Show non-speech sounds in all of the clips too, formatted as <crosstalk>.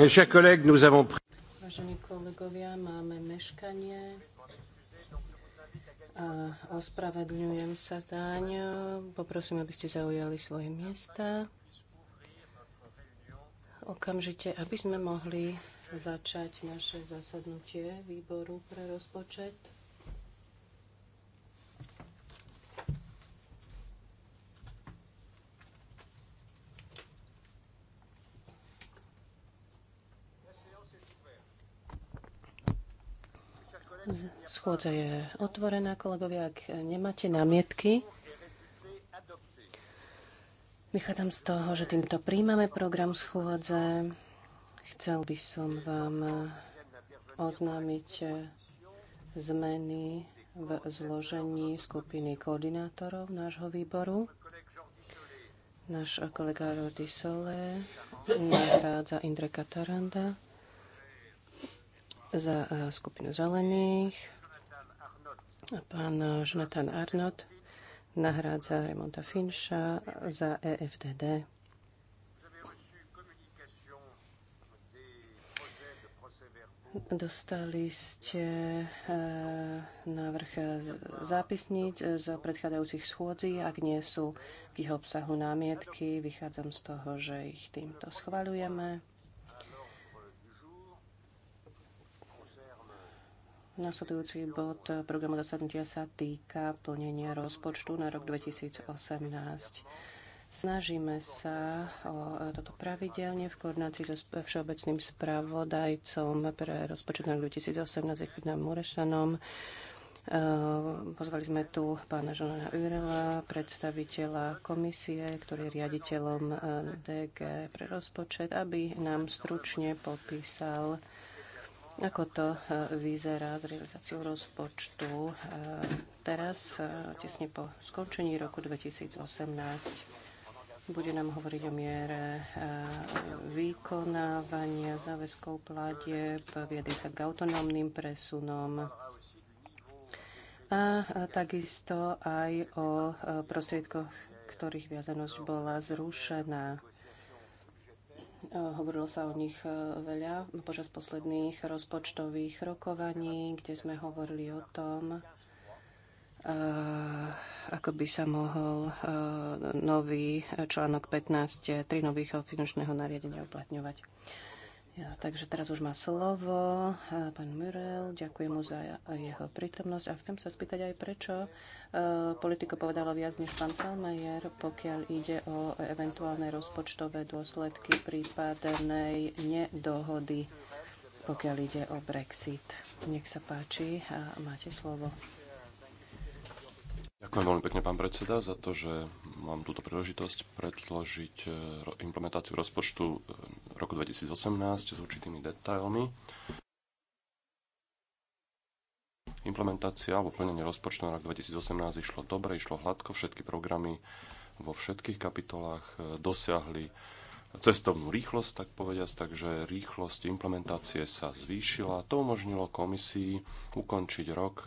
Vážení kolegovia, máme meškanie a ospravedlňujem sa zaň. Poprosím, aby ste zaujali svoje miesta okamžite, aby sme mohli začať naše zasadnutie výboru pre rozpočet. Schôdza je otvorená, kolegovia, ak nemáte námietky. Vychádzam z toho, že týmto príjmame program schôdze. Chcel by som vám oznámiť zmeny v zložení skupiny koordinátorov nášho výboru. Náš kolega Rody Sole nahrádza Indreka Taranda za eh, skupinu zelených. Pán Jonathan Arnott nahrádza Remonta Finša za EFDD. Dostali ste eh, návrh zápisníc z predchádzajúcich schôdzí. Ak nie sú k ich obsahu námietky, vychádzam z toho, že ich týmto schvaľujeme. Nasledujúci bod programu zasadnutia sa týka plnenia rozpočtu na rok 2018. Snažíme sa o toto pravidelne v koordinácii so všeobecným spravodajcom pre rozpočet na rok 2018 Ekvidnám Murešanom. Pozvali sme tu pána Žonana Urela, predstaviteľa komisie, ktorý je riaditeľom ehm, DG pre rozpočet, aby nám stručne popísal ako to e, vyzerá s realizáciou rozpočtu e, teraz, e, tesne po skončení roku 2018? Bude nám hovoriť o miere vykonávania záväzkov platieb, viedli sa k autonómnym presunom a takisto aj o prostriedkoch, ktorých viazanosť bola zrušená. Eh, hovorilo sa o nich eh, veľa počas posledných rozpočtových rokovaní, kde sme hovorili o tom, eh, ako by sa mohol nový článok 15, tri nových finančného nariadenia uplatňovať. Ja, takže teraz už má slovo e, pán Murel. Ďakujem mu za jeho prítomnosť a chcem sa spýtať aj prečo e, politiko povedalo viac než pán Salmajer, pokiaľ ide o eventuálne rozpočtové dôsledky prípadnej nedohody, pokiaľ ide o Brexit. Nech sa páči a máte slovo. Ďakujem veľmi pekne, pán predseda, za to, že mám túto príležitosť predložiť e, implementáciu rozpočtu e, roku 2018 s určitými detailmi. Implementácia alebo plnenie rozpočtu na rok 2018 išlo dobre, išlo hladko, všetky programy vo všetkých kapitolách e, dosiahli cestovnú rýchlosť, tak povediať, takže rýchlosť implementácie sa zvýšila. To umožnilo komisii ukončiť rok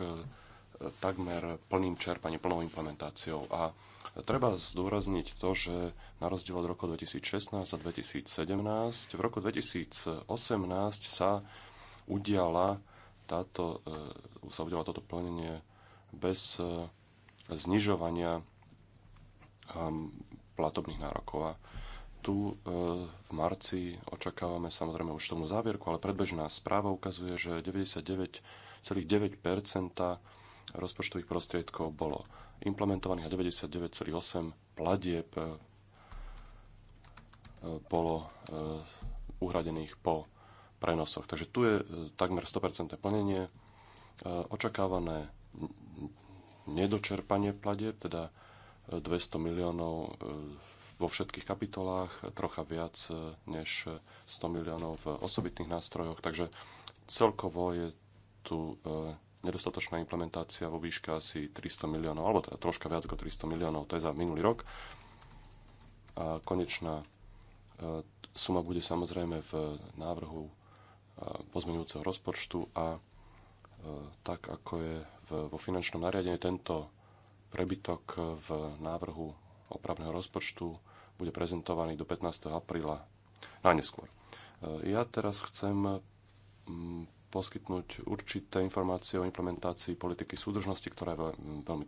takmer plným čerpaním, plnou implementáciou. A treba zdôrazniť to, že na rozdiel od roku 2016 a 2017, v roku 2018 sa udiala táto, e, sa udiala toto plnenie bez e, znižovania um, platobných nárokov. A tu e, v marci očakávame samozrejme už tomu závierku, ale predbežná správa ukazuje, že 99,9 rozpočtových prostriedkov bolo implementovaných a 99,8 pladieb e, e, bolo e, uhradených po prenosoch. Takže tu je takmer 100% plnenie. Očakávané nedočerpanie platieb, teda 200 miliónov vo všetkých kapitolách, trocha viac než 100 miliónov v osobitných nástrojoch, takže celkovo je tu nedostatočná implementácia vo výške asi 300 miliónov, alebo teda troška viac ako 300 miliónov, to je za minulý rok. A konečná e, suma bude samozrejme v návrhu e, pozmeňujúceho rozpočtu a e, tak, ako je vo finančnom nariadení, tento prebytok v návrhu opravného rozpočtu bude prezentovaný do 15. apríla najneskôr. Ja teraz chcem poskytnúť určité informácie o implementácii politiky súdržnosti, ktorá je veľmi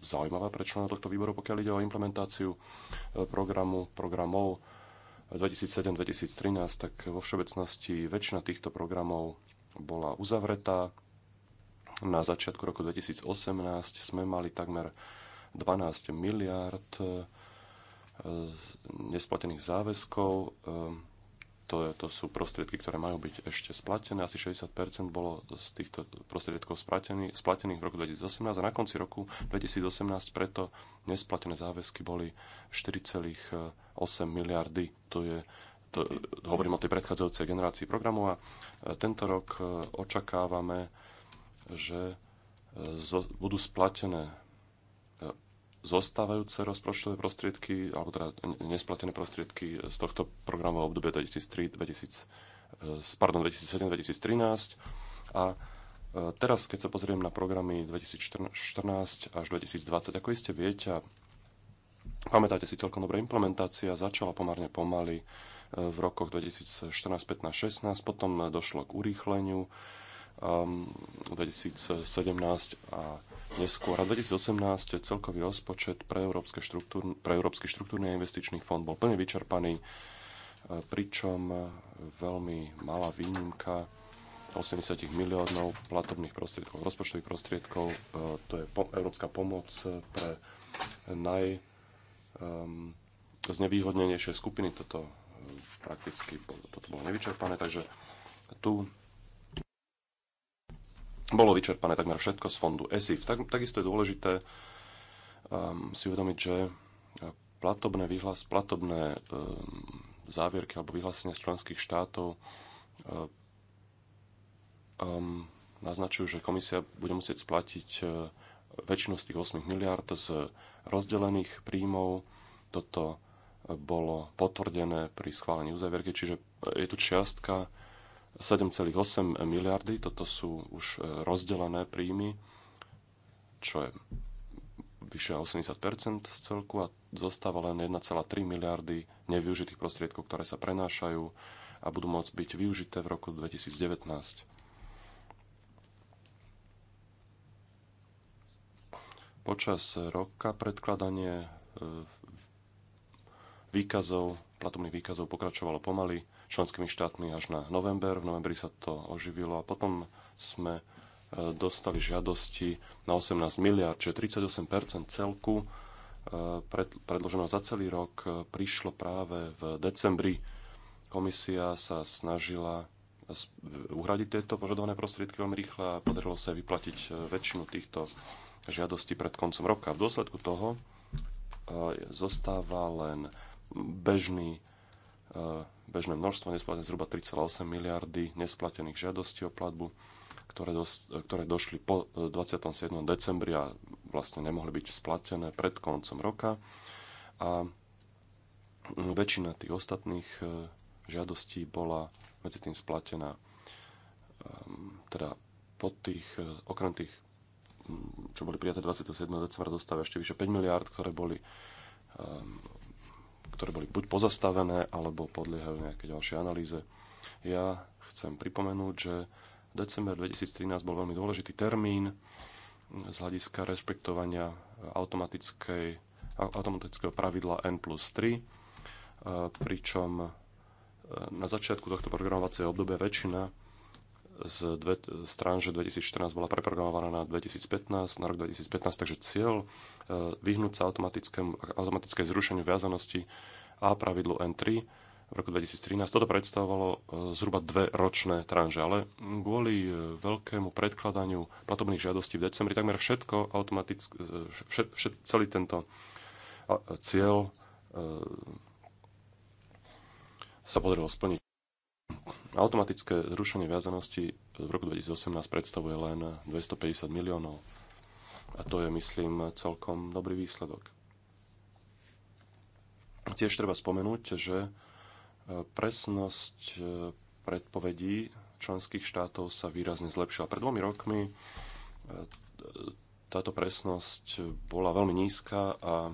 zaujímavá pre členov tohto výboru, pokiaľ ide o implementáciu e, programu, programov 2007-2013, tak vo všeobecnosti väčšina týchto programov bola uzavretá. Na začiatku roku 2018 sme mali takmer 12 miliárd e, nesplatených záväzkov e, to, to sú prostriedky, ktoré majú byť ešte splatené. Asi 60% bolo z týchto prostriedkov splatených, splatených v roku 2018 a na konci roku 2018 preto nesplatené záväzky boli 4,8 miliardy. To je to, hovorím o tej predchádzajúcej generácii programu a e, tento rok e, očakávame, že e, budú splatené zostávajúce rozpočtové prostriedky, alebo teda nesplatené prostriedky z tohto programového obdobia 2003, 2000, pardon, 2007-2013. A eh, teraz, keď sa pozriem na programy 2014 až 2020, ako iste viete, a pamätáte si celkom dobre, implementácia začala pomerne pomaly eh, v rokoch 2014, 15, 16, potom eh, došlo k urýchleniu, 2017 um, a neskôr. A 2018 celkový rozpočet pre, Európsky, štruktúrny, pre Európsky štruktúrny a investičný fond bol plne vyčerpaný, e, pričom veľmi malá výnimka 80 miliónov platobných prostriedkov, rozpočtových prostriedkov, e, to je po, európska pomoc pre naj um, znevýhodnenejšie skupiny. Toto e, prakticky toto bolo nevyčerpané, takže tu bolo vyčerpané takmer všetko z fondu ESIF. Tak, takisto je dôležité um, si uvedomiť, že uh, platobné, vyhlas, platobné um, závierky alebo vyhlásenia z členských štátov uh, um, naznačujú, že komisia bude musieť splatiť uh, väčšinu z tých 8 miliard z rozdelených príjmov. Toto bolo potvrdené pri schválení uzavierky, čiže je tu čiastka 7,8 miliardy, toto sú už e, rozdelené príjmy, čo je vyše 80 z celku a zostáva len 1,3 miliardy nevyužitých prostriedkov, ktoré sa prenášajú a budú môcť byť využité v roku 2019. Počas roka predkladanie e, výkazov, platobných výkazov pokračovalo pomaly členskými štátmi až na november. V novembri sa to oživilo a potom sme e, dostali žiadosti na 18 miliard, čiže 38 celku e, predloženo za celý rok e, prišlo práve v decembri. Komisia sa snažila uhradiť tieto požadované prostriedky veľmi rýchle a podarilo sa vyplatiť väčšinu týchto žiadostí pred koncom roka. V dôsledku toho zostáva len bežný bežné množstvo nesplatených zhruba 3,8 miliardy nesplatených žiadostí o platbu, ktoré, dos, ktoré došli po 27. E, decembri a vlastne nemohli byť splatené pred koncom roka. A mm, väčšina tých ostatných e, žiadostí bola medzi tým splatená ehm, teda pod tých, e, okrem tých, mm, čo boli prijaté 27. decembra, dostáva ešte vyše 5 miliard, ktoré boli ehm, ktoré boli buď pozastavené, alebo podliehajú nejaké ďalšie analýze. Ja chcem pripomenúť, že december 2013 bol veľmi dôležitý termín z hľadiska rešpektovania automatickej, automatického pravidla N plus 3, e, pričom e, na začiatku tohto programovacieho obdobia väčšina z dve, strán, že 2014 bola preprogramovaná na 2015, na rok 2015, takže cieľ e, vyhnúť sa automatické zrušeniu viazanosti a pravidlu N3 v roku 2013. Toto predstavovalo e, zhruba dve ročné tranže, ale kvôli e, veľkému predkladaniu platobných žiadostí v decembri takmer všetko automaticky, všet, všet, celý tento cieľ sa podarilo splniť. Automatické zrušenie viazanosti v roku 2018 predstavuje len 250 miliónov. A to je, myslím, celkom dobrý výsledok. Tiež treba spomenúť, že e, presnosť e, predpovedí členských štátov sa výrazne zlepšila. Pred dvomi rokmi e, táto presnosť bola veľmi nízka a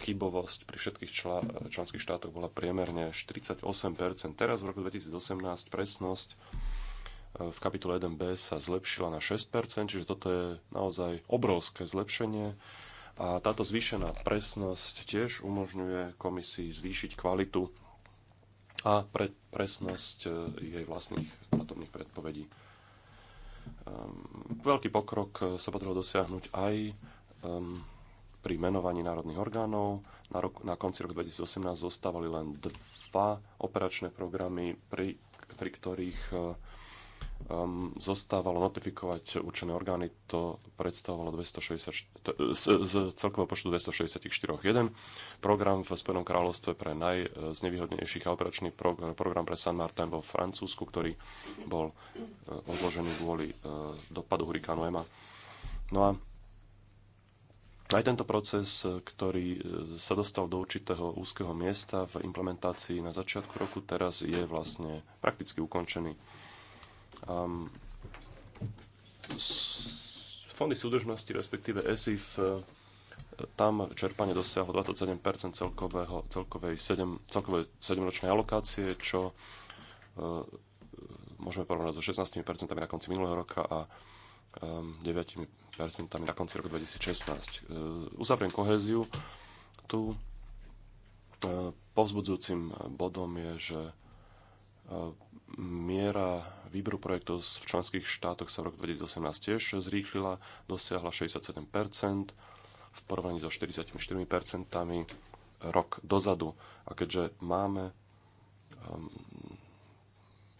chybovosť pri všetkých čl- členských štátoch bola priemerne 48%. Teraz v roku 2018 presnosť e, v kapitole 1b sa zlepšila na 6%, čiže toto je naozaj obrovské zlepšenie. A táto zvýšená presnosť tiež umožňuje komisii zvýšiť kvalitu a pre presnosť e, jej vlastných atomných predpovedí. Ehm, veľký pokrok e, sa podarilo dosiahnuť aj um, pri menovaní národných orgánov. Na, rok, na konci roku 2018 zostávali len dva operačné programy, pri, pri ktorých um, zostávalo notifikovať určené orgány. To predstavovalo 260, e, z, z celkového počtu 264 jeden program v Spojenom kráľovstve pre najznevýhodnejších a operačný pro, program pre San Martin vo Francúzsku, ktorý bol uh, odložený kvôli uh, dopadu hurikánu EMA. No a aj tento proces, e, ktorý e, sa dostal do určitého úzkeho miesta v implementácii na začiatku roku, teraz je vlastne prakticky ukončený. Um, fondy súdržnosti, respektíve ESIF, e, tam čerpanie dosiahlo 27 celkového, celkovej 7, celkovej 7-ročnej alokácie, čo uh, môžeme porovnať so 16 na konci minulého roka a 9% um, na konci roku 2016. Uh, uzavriem kohéziu. Tu uh, povzbudzujúcim bodom je, že uh, miera výberu projektov v členských štátoch sa v roku 2018 tiež zrýchlila, dosiahla 67% v porovnaní so 44% rok dozadu. A keďže máme um,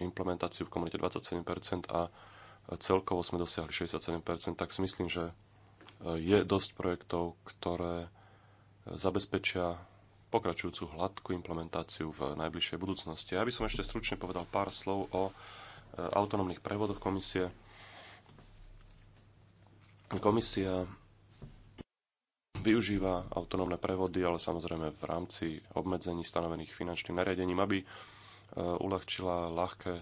implementáciu v komunite 27% a celkovo sme dosiahli 67%, tak si myslím, že e, je dosť projektov, ktoré e, zabezpečia pokračujúcu hladkú implementáciu v najbližšej budúcnosti. Ja by som ešte stručne povedal pár slov o e, autonómnych prevodoch komisie. Komisia využíva autonómne prevody, ale samozrejme v rámci obmedzení stanovených finančným nariadením, aby uľahčila ľahké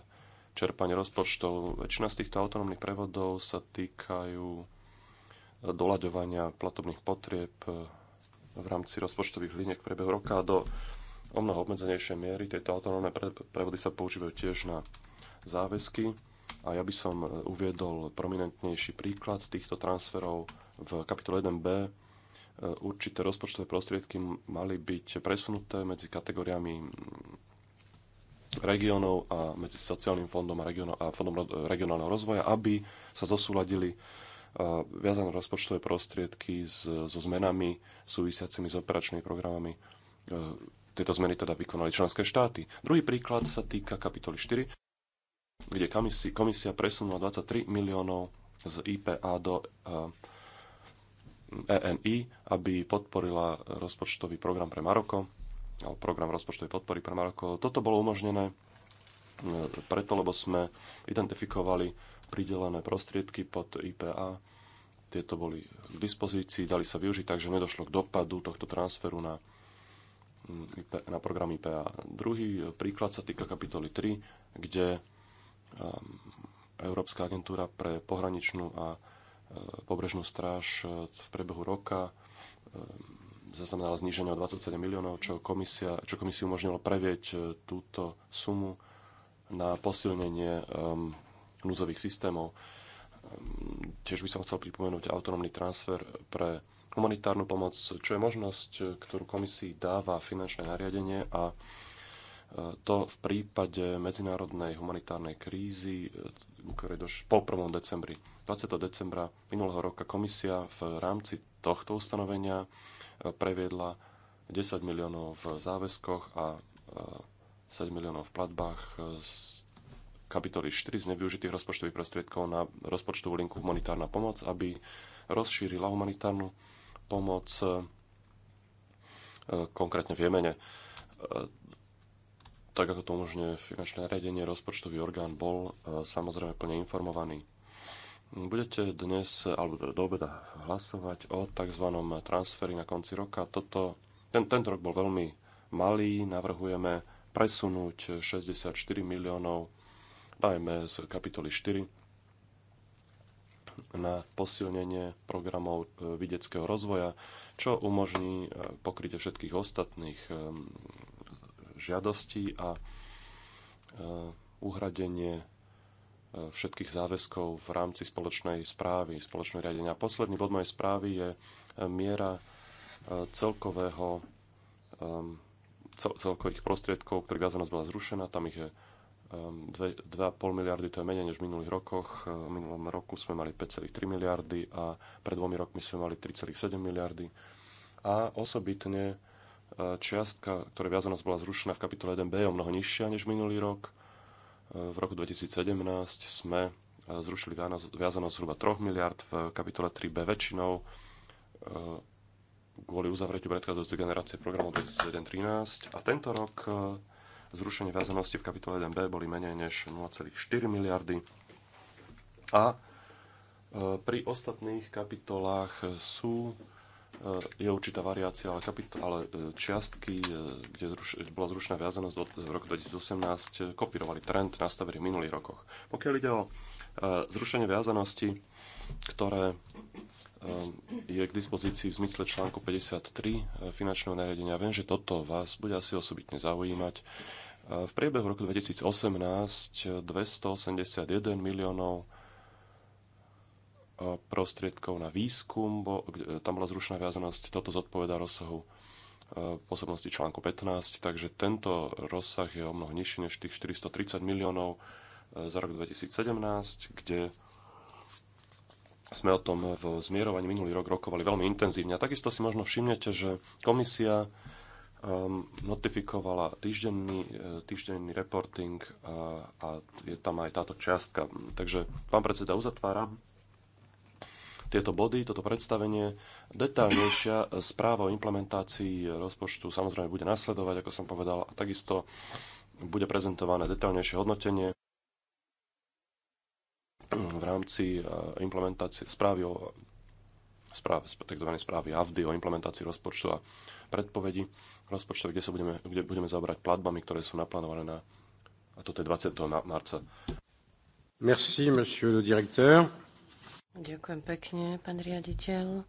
Čerpanie rozpočtov. Väčšina z týchto autonómnych prevodov sa týkajú eh, doľaďovania platobných potrieb eh, v rámci rozpočtových liniek v priebehu roka do o mnoho obmedzenejšej miery. Tieto autonómne prevody sa používajú tiež na záväzky a ja by som eh, uviedol prominentnejší príklad týchto transferov v kapitole 1b určité rozpočtové prostriedky mali byť presunuté medzi kategóriami mm, regiónov a medzi sociálnym fondom a, regionál, a fondom regionálneho rozvoja, aby sa zosúladili e, viazané rozpočtové prostriedky s, so zmenami súvisiacimi s operačnými programami. E, tieto zmeny teda vykonali členské štáty. Druhý príklad sa týka kapitoly 4, kde komisia, komisia presunula 23 miliónov z IPA do ENI, e aby podporila rozpočtový program pre Maroko program rozpočtovej podpory pre Maroko. Toto bolo umožnené e, preto, lebo sme identifikovali pridelené prostriedky pod IPA. Tieto boli k dispozícii, dali sa využiť, takže nedošlo k dopadu tohto transferu na, na program IPA. Druhý e, príklad sa týka kapitoly 3, kde e, Európska agentúra pre pohraničnú a pobrežnú stráž v priebehu roka zaznamenala zníženie o 27 miliónov, čo, komisia, čo komisiu umožnilo previeť e, túto sumu na posilnenie um, núzových systémov. Um, tiež by som chcel pripomenúť autonómny transfer pre humanitárnu pomoc, čo je možnosť, e, ktorú komisii dáva finančné nariadenie a e, to v prípade medzinárodnej humanitárnej krízy, ktorej doš- po 1. decembri. 20. decembra minulého roka komisia v rámci tohto ustanovenia previedla 10 miliónov v záväzkoch a 7 e, miliónov v platbách e, z kapitoly 4 z nevyužitých rozpočtových prostriedkov na rozpočtovú linku Humanitárna pomoc, aby rozšírila humanitárnu pomoc e, konkrétne v Jemene. Tak ako to umožňuje finančné riadenie, rozpočtový orgán bol samozrejme plne informovaný Budete dnes, alebo teda do obeda, hlasovať o tzv. transferi na konci roka. Toto, ten, tento rok bol veľmi malý, navrhujeme presunúť 64 miliónov, najmä z kapitoly 4, na posilnenie programov e, videckého rozvoja, čo umožní e, pokrytie všetkých ostatných e, žiadostí a uhradenie všetkých záväzkov v rámci spoločnej správy, spoločného riadenia. Posledný bod mojej správy je e, miera e, celkového e, celkových prostriedkov, ktorých viazanosť bola zrušená. Tam ich je 2,5 miliardy, to je menej než v minulých rokoch. V minulom roku sme mali 5,3 miliardy a pred dvomi rokmi sme mali 3,7 miliardy. A osobitne čiastka, ktorá viazanosť bola zrušená v kapitole 1b, je o mnoho nižšia než minulý rok v roku 2017 sme e, zrušili viazanosť zhruba 3 miliard v kapitole 3b väčšinou e, kvôli uzavretiu predchádzajúcej generácie programov 2013 a tento rok e, zrušenie viazanosti v kapitole 1b boli menej než 0,4 miliardy a pri ostatných kapitolách sú je určitá variácia, ale, kapit- ale e, čiastky, e, kde zruš, bola zrušená viazanosť v e, roku 2018, kopírovali trend nastavený v minulých rokoch. Pokiaľ ide o zrušenie viazanosti, ktoré je k dispozícii v zmysle článku 53 finančného nariadenia. Viem, že toto vás bude asi osobitne zaujímať. V priebehu roku 2018 281 miliónov E, prostriedkov na výskum, bo, e, tam bola zrušená viazanosť, toto zodpoveda rozsahu e, pôsobnosti článku 15, takže tento rozsah je o mnoho nižší než tých 430 miliónov za rok 2017, kde sme o tom v zmierovaní minulý rok rokovali veľmi intenzívne. A takisto si možno všimnete, že komisia ehm, notifikovala týždenný, týždenný reporting a, a je tam aj táto čiastka. Takže, pán predseda, uzatváram tieto body, toto predstavenie. Detailnejšia správa o implementácii rozpočtu samozrejme bude nasledovať, ako som povedal, a takisto bude prezentované detailnejšie hodnotenie v rámci eh, implementácie správy o správ, tzv. správy AVDY o implementácii rozpočtu a predpovedi rozpočtu, kde, sa budeme, kde budeme zaoberať platbami, ktoré sú naplánované na a toto je 20. marca. Merci, monsieur le directeur. Ďakujem pekne, pán riaditeľ,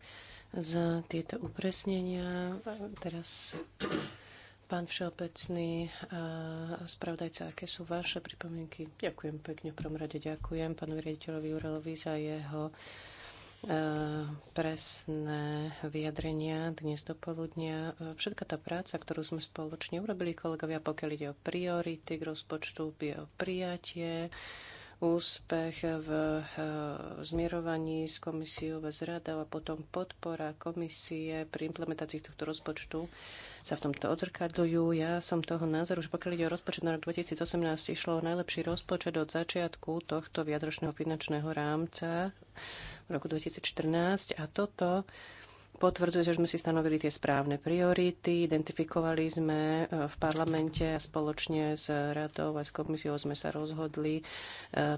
za tieto upresnenia. Teraz pán všeobecný spravdajca, aké sú vaše pripomienky? Ďakujem pekne, v prvom rade ďakujem pánovi riaditeľovi Urelovi za jeho presné vyjadrenia dnes do poludnia. Všetka tá práca, ktorú sme spoločne urobili kolegovia, pokiaľ ide o priority k rozpočtu, o prijatie, úspech v eh, zmierovaní s komisiou bez radou a potom podpora komisie pri implementácii tohto rozpočtu sa v tomto odzrkadľujú. Ja som toho názoru, že pokiaľ ide o rozpočet na rok 2018, išlo o najlepší rozpočet od začiatku tohto viadročného finančného rámca v roku 2014 a toto potvrdzuje, že sme si stanovili tie správne priority, identifikovali sme e, v parlamente a spoločne s radou a s komisiou sme sa rozhodli e,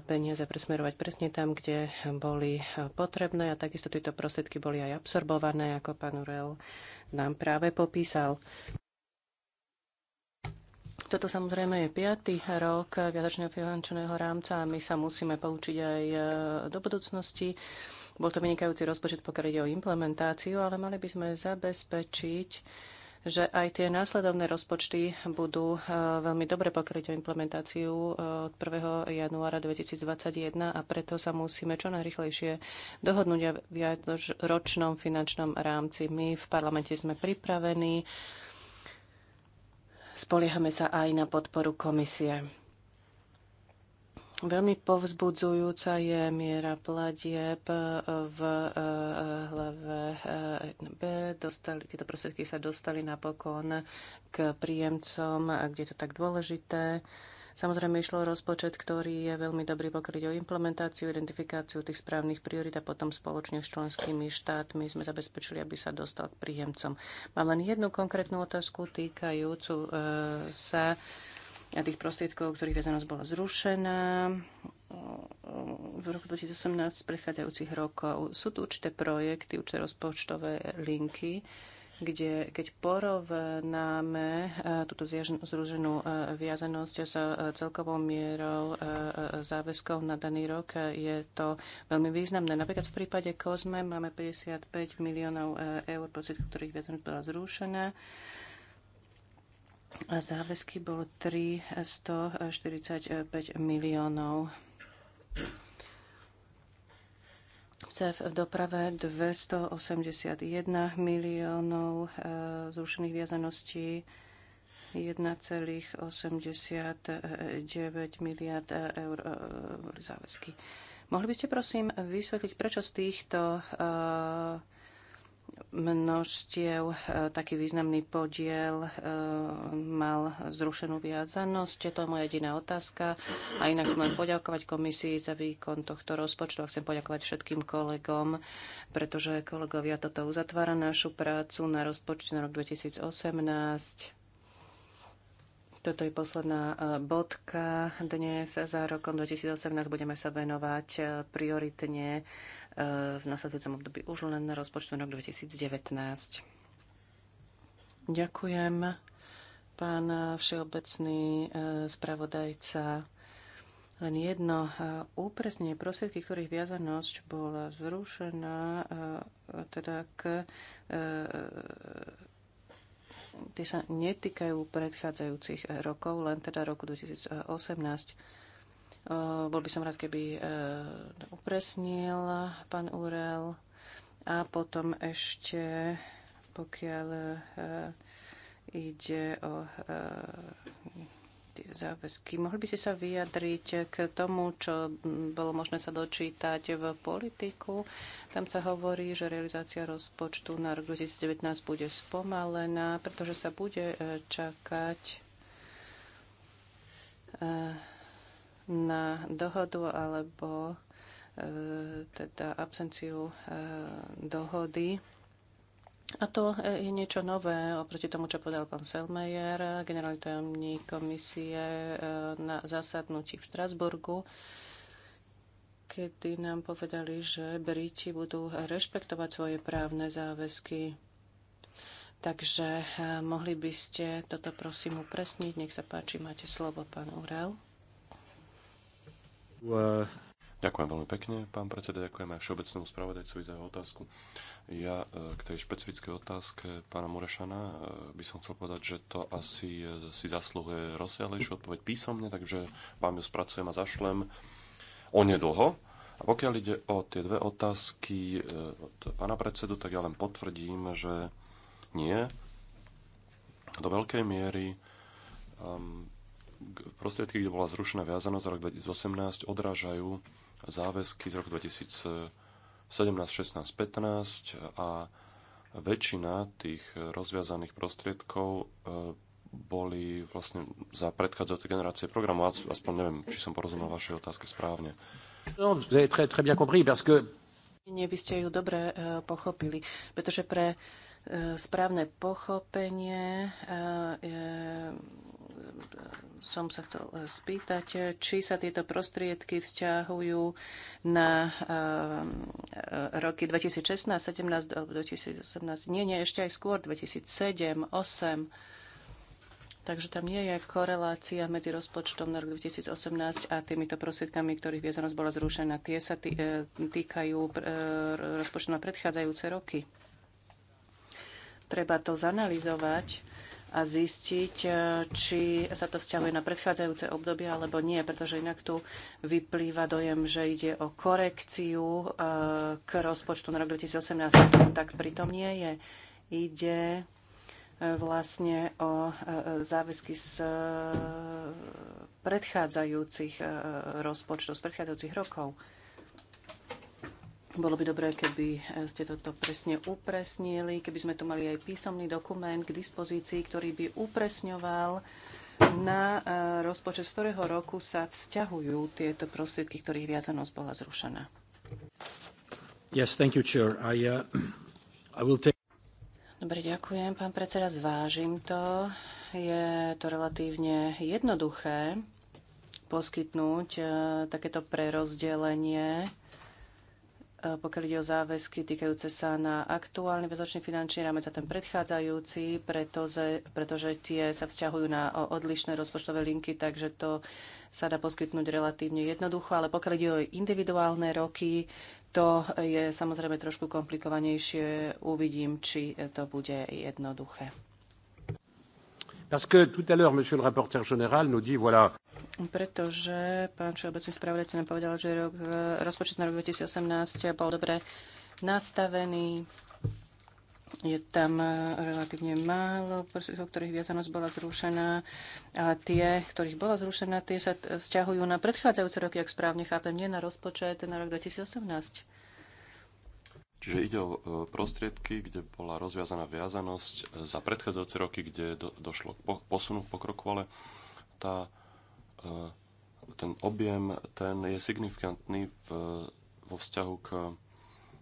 peniaze presmerovať presne tam, kde boli e, potrebné a takisto tieto prostriedky boli aj absorbované, ako pán Urel nám práve popísal. Toto samozrejme je piatý rok viadočného finančného rámca a my sa musíme poučiť aj do budúcnosti. Bol to vynikajúci rozpočet, pokiaľ ide o implementáciu, ale mali by sme zabezpečiť, že aj tie následovné rozpočty budú e, veľmi dobre pokryť o implementáciu e, od 1. januára 2021 a preto sa musíme čo najrychlejšie dohodnúť o viacročnom finančnom rámci. My v parlamente sme pripravení, spoliehame sa aj na podporu komisie. Veľmi povzbudzujúca je miera platieb v eh, eh, hlave eh, B. Dostali, tieto prostriedky sa dostali napokon k príjemcom, kde je to tak dôležité. Samozrejme išlo o rozpočet, ktorý je veľmi dobrý pokryť o implementáciu, identifikáciu tých správnych priorít a potom spoločne s členskými štátmi sme zabezpečili, aby sa dostal k príjemcom. Mám len jednu konkrétnu otázku týkajúcu sa a tých prostriedkov, ktorých väzenosť bola zrušená. V roku 2018 z predchádzajúcich rokov sú tu určité projekty, určité rozpočtové linky, kde keď porovnáme e, túto zruženú e, viazanosť s e, celkovou mierou záväzkov na daný rok, je to veľmi významné. Napríklad v prípade Kozme máme 55 miliónov eur prostriedkov, ktorých viazanosť bola zrušená a záväzky bolo 345 miliónov. CEF v doprave 281 miliónov e, zrušených viazaností 1,89 miliard eur e, záväzky. Mohli by ste prosím vysvetliť, prečo z týchto uh, množstiev e, taký významný podiel e, mal zrušenú viazanosť. To moja jediná otázka. A inak chcem len poďakovať komisii za výkon tohto rozpočtu a chcem poďakovať všetkým kolegom, pretože kolegovia toto uzatvára našu prácu na rozpočte na rok 2018. Toto je posledná e, bodka dnes. Za rokom 2018 budeme sa venovať prioritne Eh, v nasledujúcom období už len na rozpočtu rok 2019. Ďakujem, pán všeobecný eh, spravodajca. Len jedno úpresnenie eh, prosvedky, ktorých viazanosť bola zrušená, teda k tie sa netýkajú predchádzajúcich rokov, len teda roku 2018. Eh, bol by som rád, keby eh, upresnil pán Úrel. A potom ešte, pokiaľ eh, ide o tie záväzky. Mohli by ste sa vyjadriť k tomu, čo hm, bolo možné sa dočítať v politiku? Tam sa hovorí, že realizácia rozpočtu na rok 2019 bude spomalená, pretože sa bude čakať na dohodu alebo e, teda absenciu e, dohody. A to e, je niečo nové oproti tomu, čo povedal pán Selmeyer, generálny tajomník komisie na zasadnutí v Strasburgu, kedy nám povedali, že Briti budú rešpektovať svoje právne záväzky. Takže mohli by ste toto prosím upresniť. Nech sa páči, máte slovo, pán Urel. E, ďakujem veľmi pekne, pán predseda, ďakujem aj všeobecnému spravodajcovi za jeho otázku. Ja e, k tej špecifickej otázke pána Murešana e, by som chcel povedať, že to asi si zasluhuje rozsiahlejšiu odpoveď písomne, takže vám ju spracujem a zašlem onedlho. A pokiaľ ide o tie dve otázky od pána predsedu, tak ja len potvrdím, že nie. Do veľkej miery um, prostriedky, kde bola zrušená viazanosť za rok 2018, odrážajú záväzky z roku 2017, 16, 15 a väčšina tých rozviazaných prostriedkov e, boli vlastne za predchádzajúce generácie programu. Aspoň neviem, či som porozumel vašej otázke správne. No, très, très bien compris, parce que... Nie, vy ste ju dobre e, pochopili, pretože pre e, správne pochopenie som sa chcel eh, spýtať, či sa tieto prostriedky vzťahujú na eh, roky 2016, 17 alebo 2018. Nie, nie, ešte aj skôr 2007, 2008. Takže tam nie je korelácia medzi rozpočtom na rok 2018 a týmito prostriedkami, ktorých viezanosť bola zrušená. Tie sa tý, eh, týkajú rozpočtu na predchádzajúce roky. Treba to zanalizovať a zistiť, e, či sa to vzťahuje na predchádzajúce obdobie alebo nie, pretože inak tu vyplýva dojem, že ide o korekciu e, k rozpočtu na rok 2018. tak pritom nie je. Ide e, vlastne o záväzky z predchádzajúcich rozpočtov, z predchádzajúcich rokov. Bolo by dobré, keby eh, ste toto presne upresnili, keby sme tu mali aj písomný dokument k dispozícii, ktorý by upresňoval na eh, rozpočet, z ktorého roku sa vzťahujú tieto prostriedky, ktorých viazanosť bola zrušená. Yes, thank you, Chair. I, uh, I will take... Dobre, ďakujem, pán predseda, zvážim to. Je to relatívne jednoduché poskytnúť uh, takéto prerozdelenie E, pokiaľ ide o záväzky týkajúce sa na aktuálny bezočný finančný rámec a ten predchádzajúci, pretože, pretože tie sa vzťahujú na odlišné rozpočtové linky, takže to sa dá poskytnúť relatívne jednoducho, ale pokiaľ ide o individuálne roky, to je samozrejme trošku komplikovanejšie. Uvidím, či to bude jednoduché. Parce que tout à l'heure, monsieur le rapporteur général nous dit, voilà pretože pán všeobecný spravodajca nám povedal, že rok, e, rozpočet na rok 2018 bol dobre nastavený. Je tam e, relatívne málo o ktorých viazanosť bola zrušená. A tie, ktorých bola zrušená, tie sa e, vzťahujú na predchádzajúce roky, ak správne chápem, nie na rozpočet na rok 2018. Čiže ide o prostriedky, kde bola rozviazaná viazanosť za predchádzajúce roky, kde do, došlo k posunu, pokroku, ale tá E, ten objem ten je signifikantný v, vo vzťahu k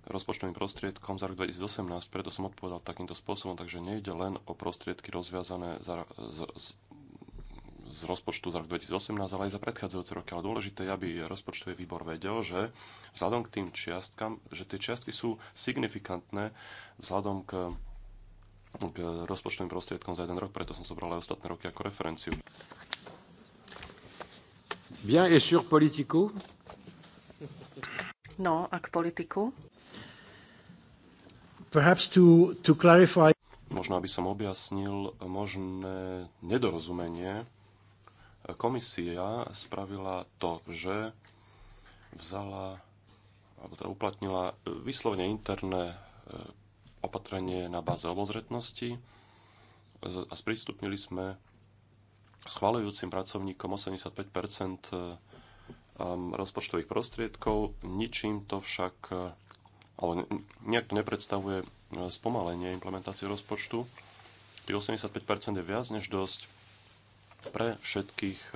rozpočtovým prostriedkom za rok 2018, preto som odpovedal takýmto spôsobom, takže nejde len o prostriedky rozviazané za, z, z, z rozpočtu za rok 2018, ale aj za predchádzajúce roky. Ale dôležité je, aby rozpočtový výbor vedel, že vzhľadom k tým čiastkam, že tie čiastky sú signifikantné vzhľadom k k rozpočtovým prostriedkom za jeden rok, preto som zobral aj ostatné roky ako referenciu. Bien et sur Politico Non, à Politico. Perhaps to, to clarify... Možno, aby som objasnil možné nedorozumenie. Komisia spravila to, že vzala, alebo teda uplatnila e, vyslovne interné e, opatrenie na báze obozretnosti e, a sprístupnili sme schvalujúcim pracovníkom 85 eh, rozpočtových prostriedkov. Ničím to však, eh, ale nejak to nepredstavuje eh, spomalenie implementácie rozpočtu. Tých 85 je viac než dosť pre všetkých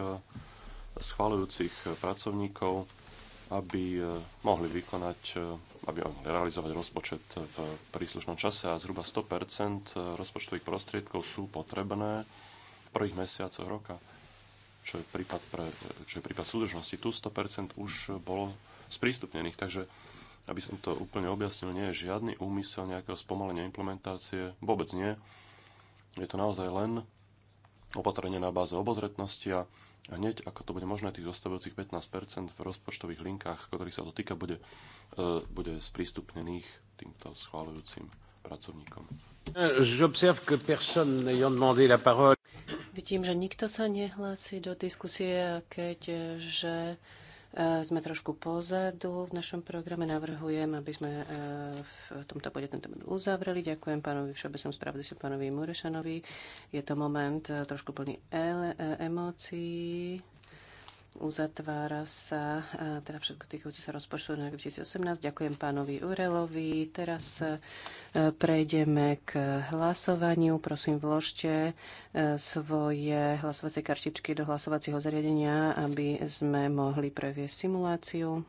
schvalujúcich pracovníkov, aby mohli vykonať, aby mohli realizovať rozpočet v príslušnom čase a zhruba 100 rozpočtových prostriedkov sú potrebné prvých mesiacoch roka, čo je prípad, pre, čo je prípad súdržnosti. Tu 100% už bolo sprístupnených, takže aby som to úplne objasnil, nie je žiadny úmysel nejakého spomalenia implementácie, vôbec nie. Je to naozaj len opatrenie na báze obozretnosti a hneď, ako to bude možné, tých zostavujúcich 15% v rozpočtových linkách, ktorých sa to týka, bude, e, bude sprístupnených týmto schváľujúcim pracovníkom. Vidím, že nikto sa nehlási do diskusie a keďže e, sme trošku pozadu v našom programe, navrhujem, aby sme e, v tomto bode tento bod uzavreli. Ďakujem pánovi všeobecnom spravodajstvu, pánovi Murešanovi. Je to moment e, trošku plný emócií. Uzatvára sa teda všetko týkajúce sa rozpočtu na 2018. Ďakujem pánovi Urelovi. Teraz e, prejdeme k hlasovaniu. Prosím, vložte e, svoje hlasovacie kartičky do hlasovacieho zariadenia, aby sme mohli previesť simuláciu.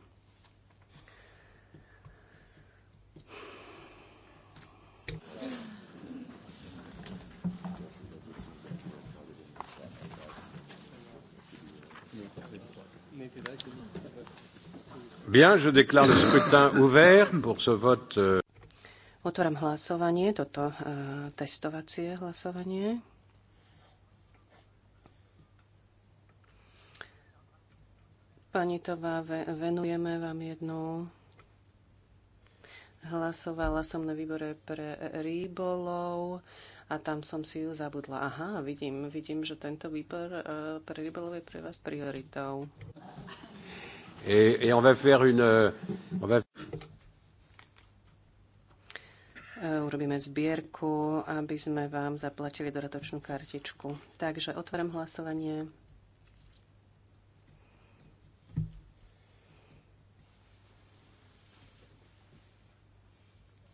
Bien, je déclare le scrutin ouvert pour ce vote. Euh. hlasovanie, toto uh, testovacie hlasovanie. Pani Tová, venujeme vám jednu. Hlasovala som na výbore pre rýbolov a tam som si ju zabudla. Aha, vidím, vidím, že tento výbor uh, pre rybolov je pre vás prioritou. Et, et on va faire une... On va... Eh, urobíme zbierku, aby sme vám zaplatili dodatočnú kartičku. Takže otvorím hlasovanie.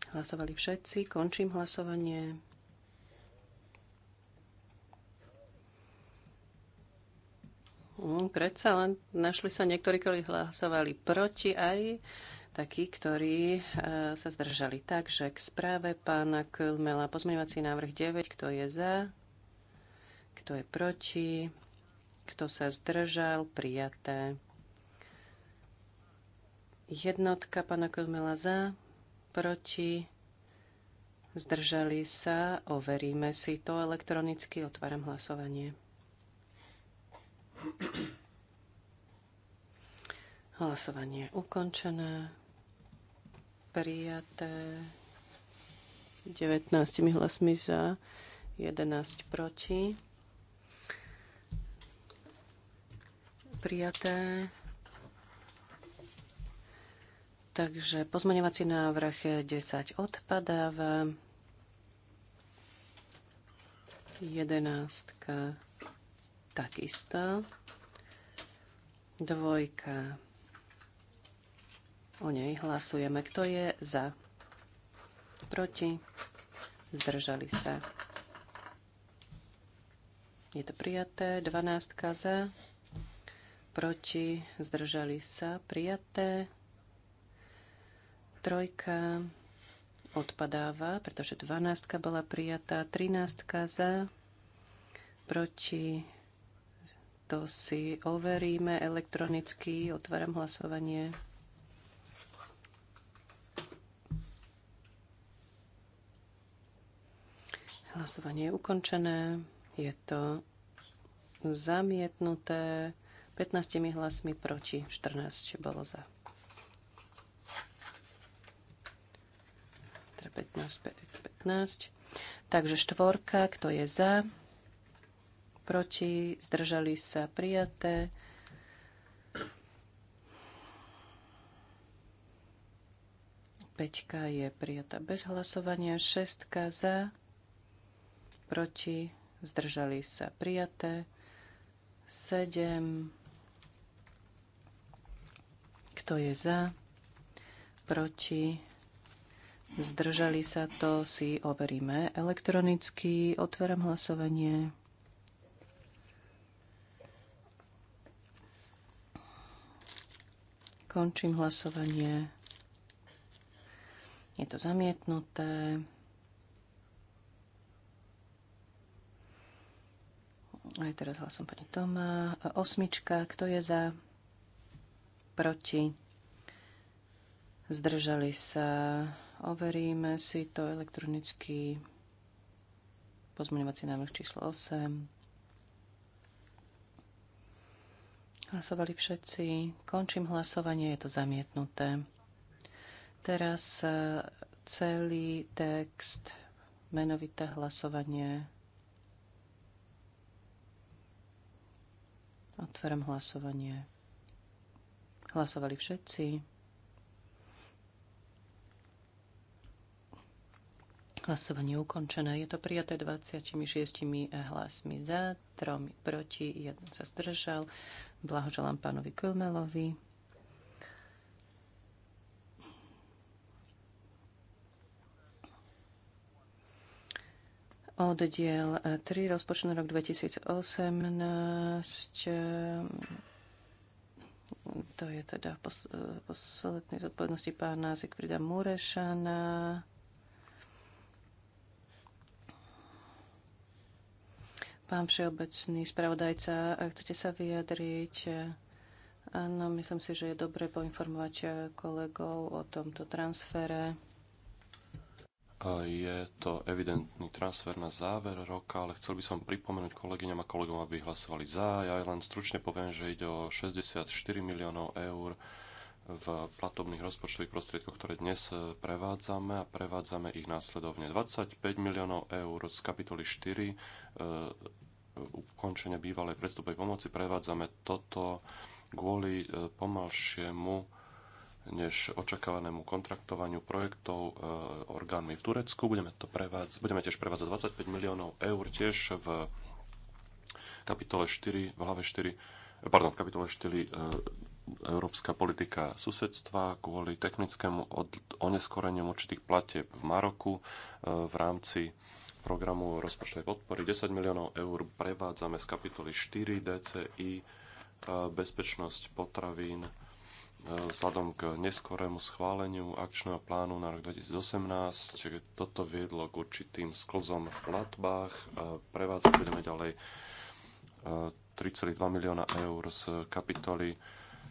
Hlasovali všetci. Končím hlasovanie. Mm, predsa len našli sa niektorí, ktorí hlasovali proti aj takí, ktorí e, sa zdržali. Takže k správe pána Kulmela pozmeňovací návrh 9, kto je za, kto je proti, kto sa zdržal, prijaté. Jednotka pána Kulmela za, proti, zdržali sa, overíme si to elektronicky, otváram hlasovanie. Hlasovanie je ukončené. Prijaté 19 hlasmi za, 11 proti. Prijaté. Takže pozmeňovací návrh 10 odpadáva. 11 takisto. Dvojka. O nej hlasujeme. Kto je za? Proti? Zdržali sa. Je to prijaté. dvanáctka za. Proti? Zdržali sa. Prijaté. Trojka odpadáva, pretože 12 bola prijatá. 13 za. Proti? To si overíme elektronicky. Otváram hlasovanie. Hlasovanie je ukončené. Je to zamietnuté 15 hlasmi proti, 14 bolo za. 15, teda 15. Takže štvorka, kto je za? proti, zdržali sa prijaté. Peťka je prijatá bez hlasovania, šestka za, proti, zdržali sa prijaté, sedem, kto je za, proti, zdržali sa to, si overíme elektronicky, otváram hlasovanie. Končím hlasovanie. Je to zamietnuté. Aj teraz hlasom pani Toma. Osmička, kto je za? Proti? Zdržali sa. Overíme si to elektronicky. Pozmeňovací návrh číslo 8. Hlasovali všetci. Končím hlasovanie, je to zamietnuté. Teraz e, celý text, menovité hlasovanie. Otváram hlasovanie. Hlasovali všetci. Hlasovanie je ukončené. Je to prijaté 26 hlasmi za, 3 proti, 1 sa zdržal. Blahoželám pánovi Kulmelovi. Oddiel 3, rozpočný rok 2018. To je teda eh, poslednej zodpovednosti pána Zikvrida Murešana. Pán všeobecný spravodajca, chcete sa vyjadriť? Áno, myslím si, že je dobre poinformovať kolegov o tomto transfere. Je to evidentný transfer na záver roka, ale chcel by som pripomenúť kolegyňam a kolegom, aby hlasovali za. Ja len stručne poviem, že ide o 64 miliónov eur v platobných rozpočtových prostriedkoch, ktoré dnes e, prevádzame a prevádzame ich následovne. 25 miliónov eur z kapitoly 4 e, ukončenia bývalej prestupej pomoci prevádzame toto kvôli e, pomalšiemu než očakávanému kontraktovaniu projektov orgánmi v Turecku. Budeme, to prevádz- budeme tiež prevádzať 25 miliónov eur tiež v kapitole 4, v hlave 4, pardon, v kapitole 4 európska politika susedstva kvôli technickému oneskoreniu určitých platieb v Maroku e, v rámci programu rozpočtovej podpory. 10 miliónov eur prevádzame z kapitoly 4 DCI e, bezpečnosť potravín e, vzhľadom k neskorému schváleniu akčného plánu na rok 2018. Toto viedlo k určitým sklzom v platbách. Prevádzať budeme ďalej 3,2 milióna eur z kapitoly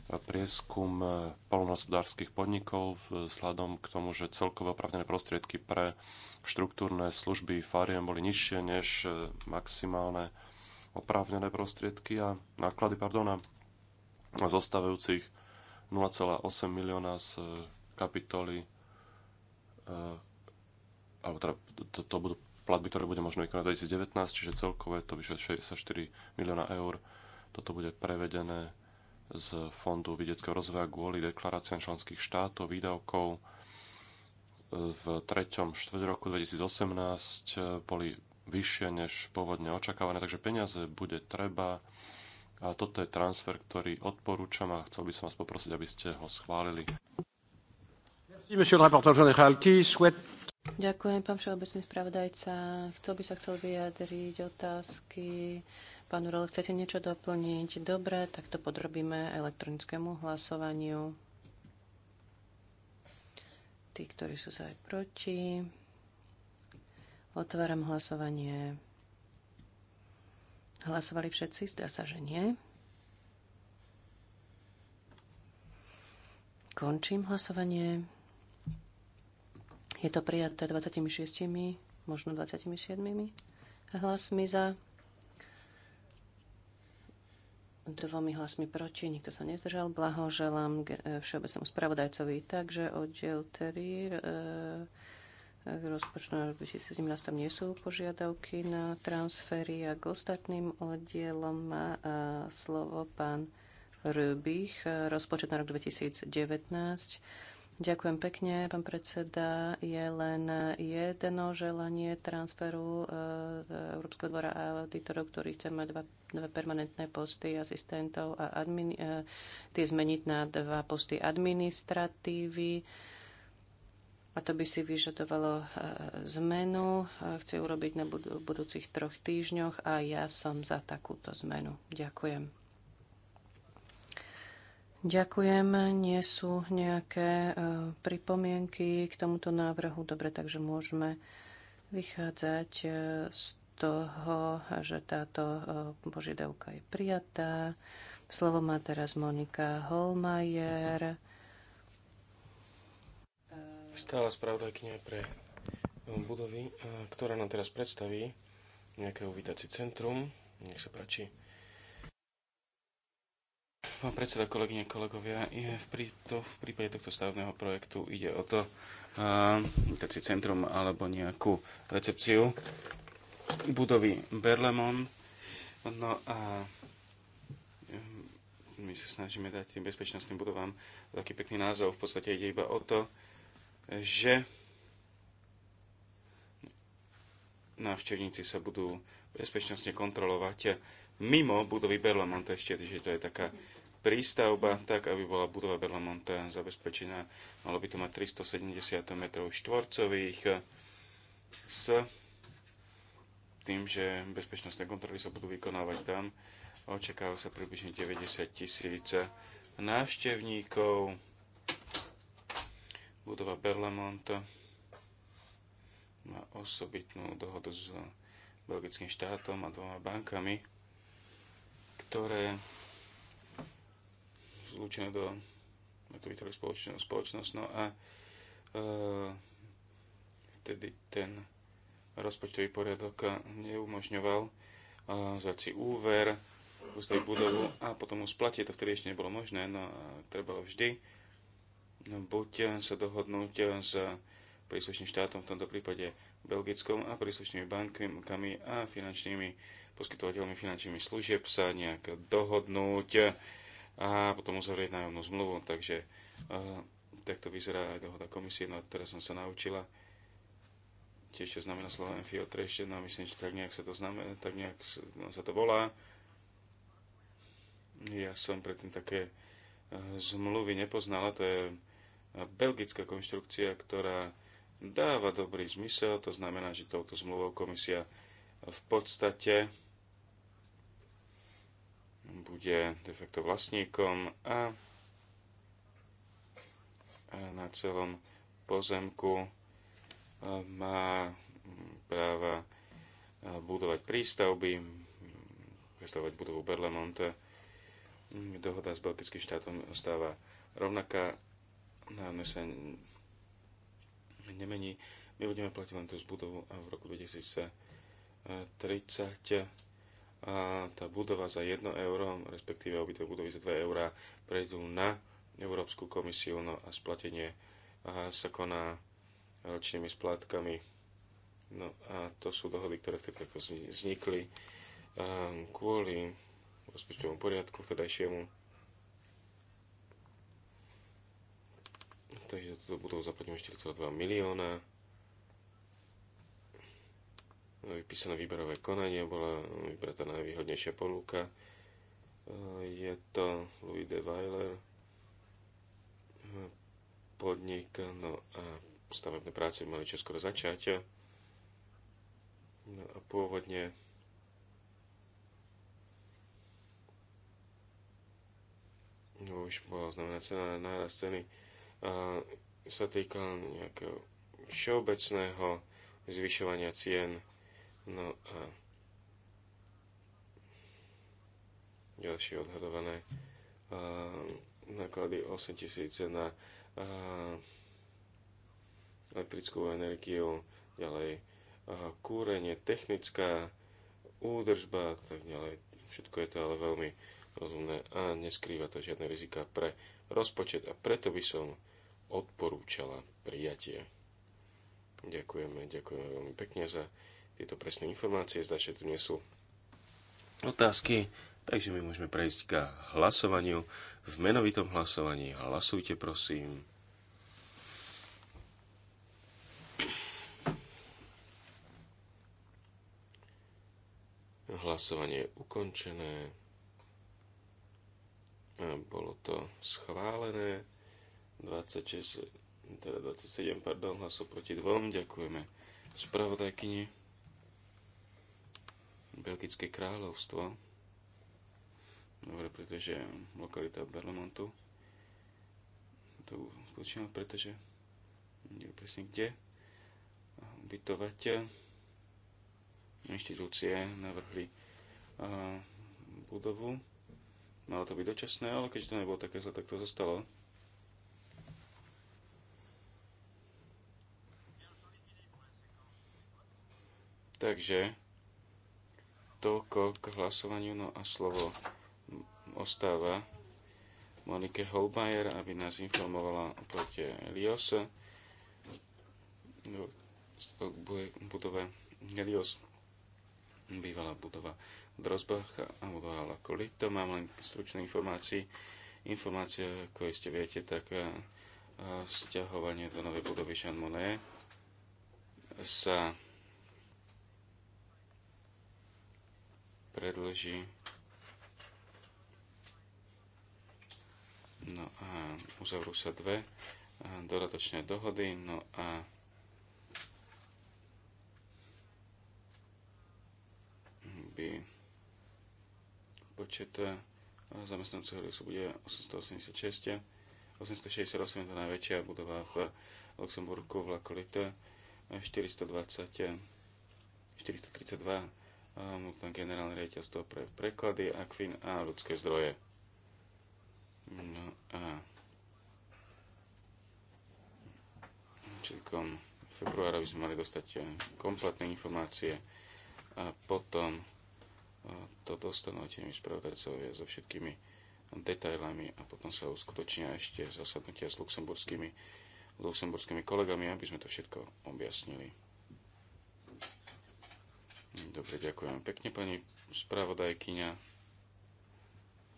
prieskum polnohospodárskych podnikov vzhľadom k tomu, že celkové opravnené prostriedky pre štruktúrne služby fariem boli nižšie než e, maximálne oprávnené prostriedky a náklady pardon, na zostavujúcich 0,8 milióna z e, kapitoly e, alebo teda to, to budú platby, ktoré bude možno vykonať 2019, čiže celkové to vyše 64 milióna eur. Toto bude prevedené z Fondu vedeckého rozvoja kvôli deklaráciám členských štátov výdavkov v 3. čtvrť roku 2018 boli vyššie než pôvodne očakávané, takže peniaze bude treba. A toto je transfer, ktorý odporúčam a chcel by som vás poprosiť, aby ste ho schválili. Ďakujem, pán všeobecný spravodajca. Chcel by sa chcel vyjadriť otázky Pán Urel, chcete niečo doplniť? Dobre, tak to podrobíme elektronickému hlasovaniu. Tí, ktorí sú za aj proti. Otváram hlasovanie. Hlasovali všetci? Zdá sa, že nie. Končím hlasovanie. Je to prijaté 26, možno 27 hlasmi za dvomi hlasmi proti, nikto sa nezdržal. Blahoželám eh, všeobecnému spravodajcovi. Takže oddiel 3 eh, eh, k rozpočtu na rok 2017 tam nie sú požiadavky na transfery a k ostatným oddielom má slovo pán Rubich. Rozpočet na rok 2019 Ďakujem pekne, pán predseda. Je len jedno želanie transferu e, e, Európskeho dvora auditorov, ktorý chce mať dva, dva permanentné posty asistentov a admin, e, tie zmeniť na dva posty administratívy. A to by si vyžadovalo zmenu. Chce urobiť na budúcich troch týždňoch a ja som za takúto zmenu. Ďakujem. Ďakujem. Nie sú nejaké e, pripomienky k tomuto návrhu. Dobre, takže môžeme vychádzať e, z toho, že táto e, požiadavka je prijatá. Slovo má teraz Monika Holmajer. Stála spravodajkynia pre budovy, ktorá nám teraz predstaví nejaké uvítací centrum. Nech sa páči. Pán predseda, kolegyne, kolegovia, je v, prí, to, v prípade tohto stavebného projektu ide o to, uh, centrum alebo nejakú recepciu budovy Berlemon. No a my sa snažíme dať tým bezpečnostným budovám taký pekný názov. V podstate ide iba o to, že návštevníci sa budú bezpečnostne kontrolovať mimo budovy Berlamonta ešte, že to je taká prístavba, tak aby bola budova Berlamonta zabezpečená. Malo by to mať 370 m štvorcových eh, s tým, že bezpečnostné kontroly sa budú vykonávať tam. Očakáva sa približne 90 tisíc návštevníkov. Budova Berlamont má osobitnú dohodu s belgickým štátom a dvoma bankami ktoré zlučené do maturitovej spoločnosť, spoločnosť. No a e, vtedy ten rozpočtový poriadok neumožňoval e, vziať si úver, postaviť budovu a potom ju splatiť. To vtedy ešte nebolo možné, no a trebalo vždy no, buď sa dohodnúť s príslušným štátom, v tomto prípade belgickom, a príslušnými bankami a finančnými poskytovateľmi finančných služieb sa nejak dohodnúť a potom uzavrieť nájomnú zmluvu. Takže uh, takto vyzerá aj dohoda komisie. No teraz som sa naučila tiež čo znamená slovo amfiotrešten, no myslím, že tak nejak sa to znamená, tak nejak no, sa to volá. Ja som predtým také e, zmluvy nepoznala, to je belgická konštrukcia, ktorá dáva dobrý zmysel, to znamená, že touto zmluvou komisia v podstate bude de facto vlastníkom a, na celom pozemku e, má práva e, budovať prístavby, predstavovať budovu Berlemont. Dohoda s belgickým štátom ostáva rovnaká, nám sa nemení. My budeme platiť len tú budovu a v roku 2030 a tá budova za 1 euro, respektíve obidve budovy za 2 eurá, prejdú na Európsku komisiu no a splatenie a sa koná ročnými splátkami. No a to sú dohody, ktoré vtedy takto vznikli kvôli rozpočtovému poriadku vtedajšiemu. Takže toto budovu zaplatíme 4,2 milióna vypísané výberové konanie, bola vybratá najvýhodnejšia ponuka. Je to Louis de Weiler, podnik, no a stavebné práce mali čoskoro začať. No a pôvodne no už bola znamená cena na náraz ceny a sa týka nejakého všeobecného zvyšovania cien No a ďalšie odhadované náklady 8000 na elektrickú energiu, ďalej kúrenie, technická údržba a tak ďalej. Všetko je to ale veľmi rozumné a neskrýva to žiadne rizika pre rozpočet a preto by som odporúčala prijatie. Ďakujeme, ďakujeme veľmi pekne za tieto presné informácie, zdašie tu nie sú otázky, takže my môžeme prejsť k hlasovaniu. V menovitom hlasovaní hlasujte prosím. Hlasovanie je ukončené. A bolo to schválené. 26, teda 27, pardon, hlasov proti dvom. Ďakujeme spravodajkyni. Belgické kráľovstvo. Dobre, pretože lokalita Berlemontu to spočíva, pretože neviem presne kde ubytovať eh, inštitúcie navrhli a, eh, budovu. Malo to byť dočasné, ale keďže to nebolo také zle, tak to zostalo. Takže toľko k hlasovaniu, no a slovo ostáva Monike Holbajer, aby nás informovala o projekte Helios budove Helios bývalá budova Drozbach a budova Lakoli. To Mám len stručné informácie. Informácie, ako ste viete, tak eh, sťahovanie do novej budovy Jean Monnet sa predlží. No a uzavrú sa dve dodatočné dohody. No a by počet e, zamestnancov sa bude 886. 868 je to najväčšia budova v Luxemburku v Lakolite. 420, 432 tam generálne riaditeľstvo pre preklady, akfin a ľudské zdroje. No a čikom februára by sme mali dostať eh, kompletné informácie a potom eh, to dostanú tými spravodajcovia so všetkými detailami a potom sa uskutočnia ešte zasadnutia s luxemburskými, luxemburskými kolegami, aby sme to všetko objasnili. Dobre, ďakujem pekne, pani spravodajkyňa.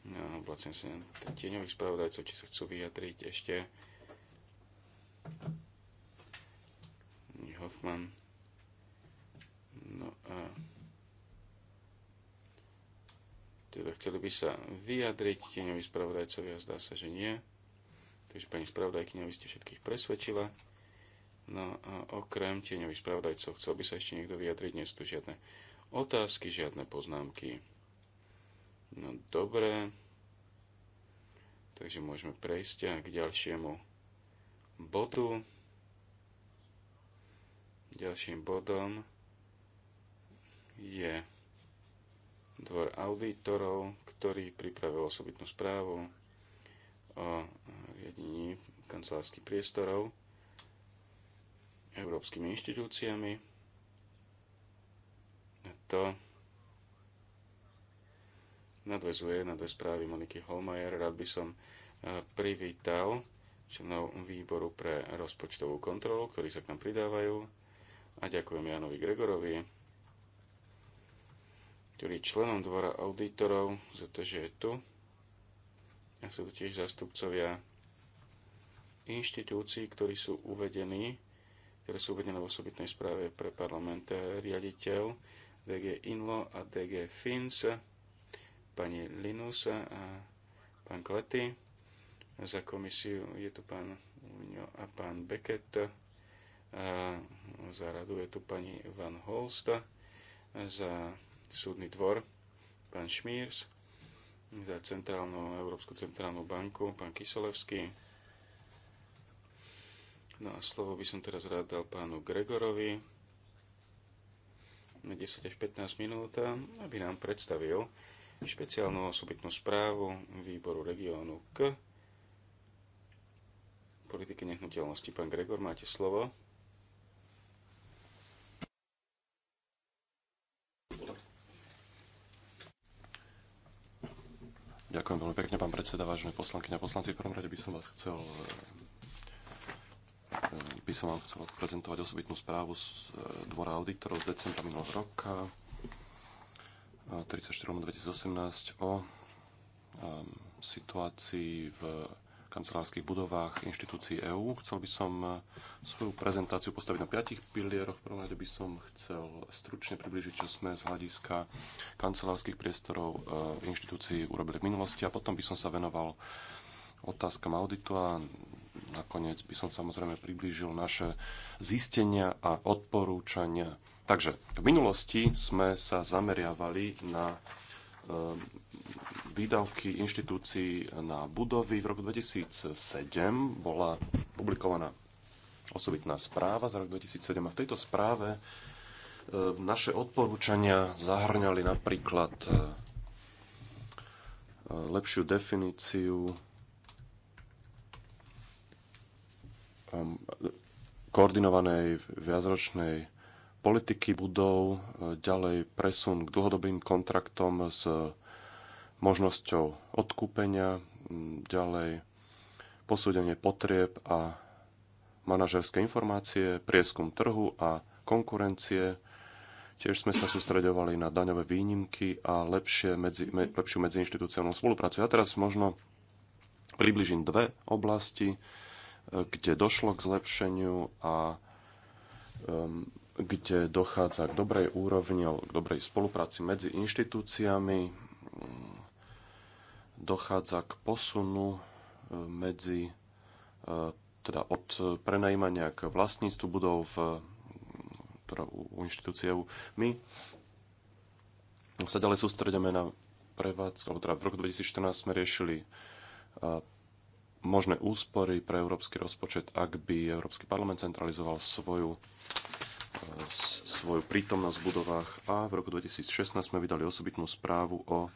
No, oblacím vlastne sa tieňových spravodajcov, či sa chcú vyjadriť ešte. Hoffman. No a teda chceli by sa vyjadriť tieňoví spravodajcovia, zdá sa, že nie. Takže pani spravodajkyňa, vy ste všetkých presvedčila. No a okrem tieňových spravodajcov chcel by sa ešte niekto vyjadriť, nie sú tu žiadne otázky, žiadne poznámky. No dobre, takže môžeme prejsť k ďalšiemu bodu. Ďalším bodom je dvor auditorov, ktorý pripravil osobitnú správu o riadení kancelárskych priestorov európskymi inštitúciami. To nadvezuje na dve správy Moniky Holmajer. Rád by som e, privítal členov výboru pre rozpočtovú kontrolu, ktorí sa k nám pridávajú. A ďakujem Janovi Gregorovi, ktorý je členom dvora auditorov, za to, že je tu. A sú tu tiež zastupcovia inštitúcií, ktorí sú uvedení ktoré sú uvedené v osobitnej správe pre parlament. Riaditeľ DG Inlo a DG Fins, pani Linus a pán Klety. Za komisiu je tu pán Uňo a pán Beckett. A za radu je tu pani Van Holst. Za súdny dvor pán Šmírs. Za Centrálnu, Európsku centrálnu banku pán Kiselevský No a slovo by som teraz rád dal pánu Gregorovi na 10 až 15 minút, aby nám predstavil špeciálnu osobitnú správu výboru regiónu k politike nehnuteľnosti. Pán Gregor, máte slovo. Ďakujem veľmi pekne, pán predseda, vážené poslanky a poslanci. V prvom rade by som vás chcel by som vám chcel prezentovať osobitnú správu z e, Dvora auditorov z decembra minulého roka 34. E, 2018 o e, situácii v kancelárskych budovách inštitúcií EÚ. Chcel by som svoju prezentáciu postaviť na piatich pilieroch. V prvom rade by som chcel stručne približiť, čo sme z hľadiska kancelárskych priestorov inštitúcií urobili v minulosti a potom by som sa venoval otázkam auditu a nakoniec by som samozrejme priblížil naše zistenia a odporúčania. Takže v minulosti sme sa zameriavali na eh, výdavky inštitúcií na budovy. V roku 2007 bola publikovaná osobitná správa za rok 2007 a v tejto správe eh, naše odporúčania zahrňali napríklad eh, lepšiu definíciu Um, koordinovanej viacročnej politiky budov, e, ďalej presun k dlhodobým kontraktom s možnosťou odkúpenia, ďalej posúdenie potrieb a manažerské informácie, prieskum trhu a konkurencie. Tiež sme sa sústreďovali na daňové výnimky a lepšie medzi, me, lepšiu medziinštitúciálnu spoluprácu. Ja teraz možno približím dve oblasti kde došlo k zlepšeniu a um, kde dochádza k dobrej úrovni alebo k dobrej spolupráci medzi inštitúciami, mm, dochádza k posunu uh, medzi uh, teda od prenajímania k vlastníctvu budov v, uh, teda u, u inštitúcie EU. My sa ďalej sústredíme na prevádzku, alebo teda v roku 2014 sme riešili možné úspory pre európsky rozpočet, ak by Európsky parlament centralizoval svoju, e, svoju prítomnosť v budovách. A v roku 2016 sme vydali osobitnú správu o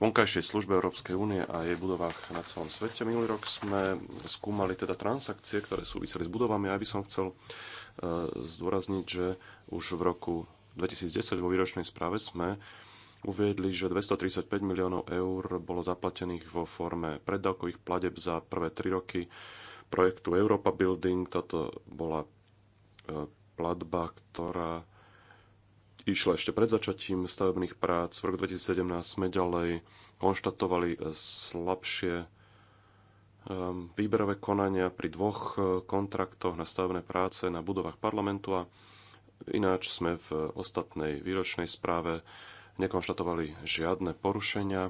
vonkajšej službe Európskej únie a jej budovách na celom svete. Minulý rok sme skúmali teda transakcie, ktoré súviseli s budovami. Aj by som chcel e, zdôrazniť, že už v roku 2010 vo výročnej správe sme uviedli, že 235 miliónov eur bolo zaplatených vo forme preddavkových pladeb za prvé tri roky projektu Europa Building. Toto bola e, platba, ktorá išla ešte pred začatím stavebných prác. V roku 2017 sme ďalej konštatovali e, slabšie e, výberové konania pri dvoch kontraktoch na stavebné práce na budovách parlamentu a ináč sme v ostatnej výročnej správe nekonštatovali žiadne porušenia.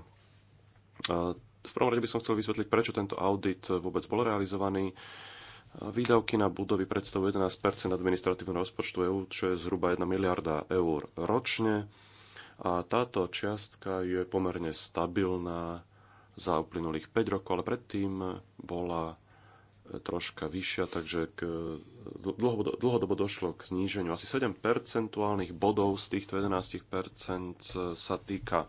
V prvom rade by som chcel vysvetliť, prečo tento audit vôbec bol realizovaný. Výdavky na budovy predstavujú 11 administratívneho rozpočtu EÚ, čo je zhruba 1 miliarda eur ročne. A táto čiastka je pomerne stabilná za uplynulých 5 rokov, ale predtým bola troška vyššia, takže k, dlhodobo, dlhodobo došlo k zníženiu. Asi 7 percentuálnych bodov z týchto 11 e, sa týka e,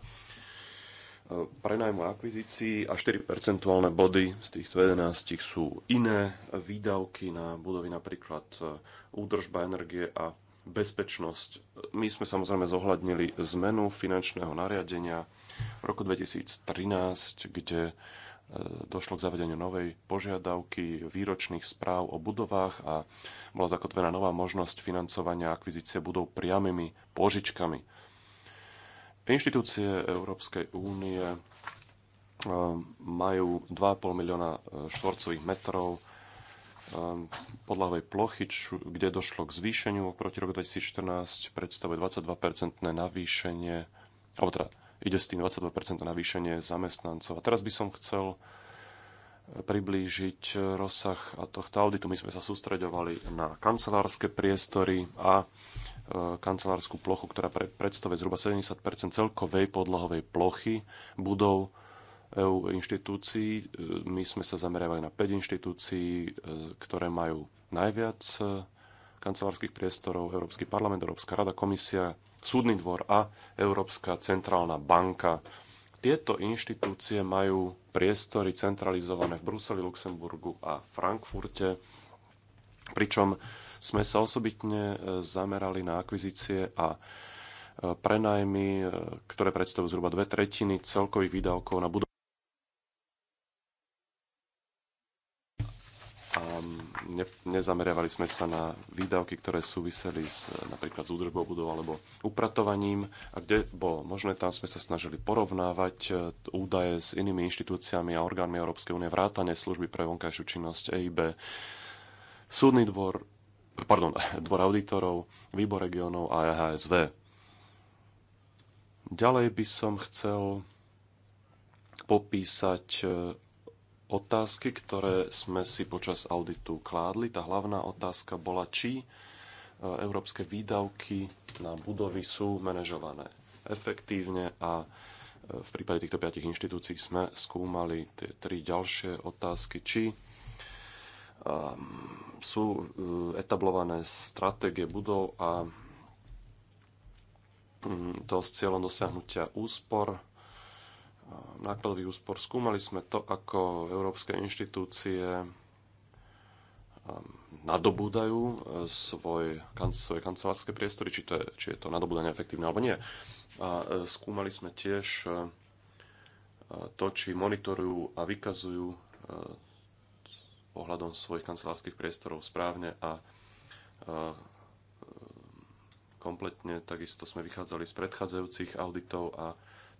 prenajmu a akvizícií a 4 percentuálne body z týchto 11 sú iné výdavky na budovy, napríklad e, údržba energie a bezpečnosť. My sme samozrejme zohľadnili zmenu finančného nariadenia v roku 2013, kde E, došlo k zavedeniu novej požiadavky výročných správ o budovách a bola zakotvená nová možnosť financovania akvizície budov priamými požičkami. Inštitúcie Európskej únie e, majú 2,5 milióna e, štvorcových metrov podlahovej plochy, kde došlo k zvýšeniu oproti roku 2014, predstavuje 22-percentné navýšenie, alebo teda ide s tým 22% navýšenie zamestnancov. A teraz by som chcel priblížiť rozsah tohto auditu. My sme sa sústreďovali na kancelárske priestory a e, kancelárskú plochu, ktorá predstavuje zhruba 70 celkovej podlahovej plochy budov EU inštitúcií. E, my sme sa zameriavali na 5 inštitúcií, e, ktoré majú najviac kancelárskych priestorov, Európsky parlament, Európska rada, komisia, Súdny dvor a Európska centrálna banka. Tieto inštitúcie majú priestory centralizované v Bruseli, Luxemburgu a Frankfurte, pričom sme sa osobitne e, zamerali na akvizície a e, prenajmy, e, ktoré predstavujú zhruba dve tretiny celkových výdavkov na budovanie ne, nezameriavali sme sa na výdavky, ktoré súviseli s, napríklad s údržbou budov alebo upratovaním. A kde bolo možné, tam sme sa snažili porovnávať e, údaje s inými inštitúciami a orgánmi Európskej únie, vrátane služby pre vonkajšiu činnosť EIB, súdny dvor, pardon, <laughs> dvor auditorov, výbor regionov a EHSV. Ďalej by som chcel popísať e, otázky, ktoré sme si počas auditu kládli. Tá hlavná otázka bola, či e, európske výdavky na budovy sú manažované efektívne a e, v prípade týchto piatich inštitúcií sme skúmali tie tri ďalšie otázky, či e, sú etablované stratégie budov a mm, to s cieľom dosiahnutia úspor nákladových úspor. Skúmali sme to, ako európske inštitúcie um, nadobúdajú uh, svoj, svoje kancelárske priestory, či, to je, či je to nadobúdanie efektívne alebo nie. A uh, skúmali sme tiež uh, to, či monitorujú a vykazujú ohľadom svojich kancelárskych priestorov správne a kompletne. Takisto sme vychádzali z predchádzajúcich auditov a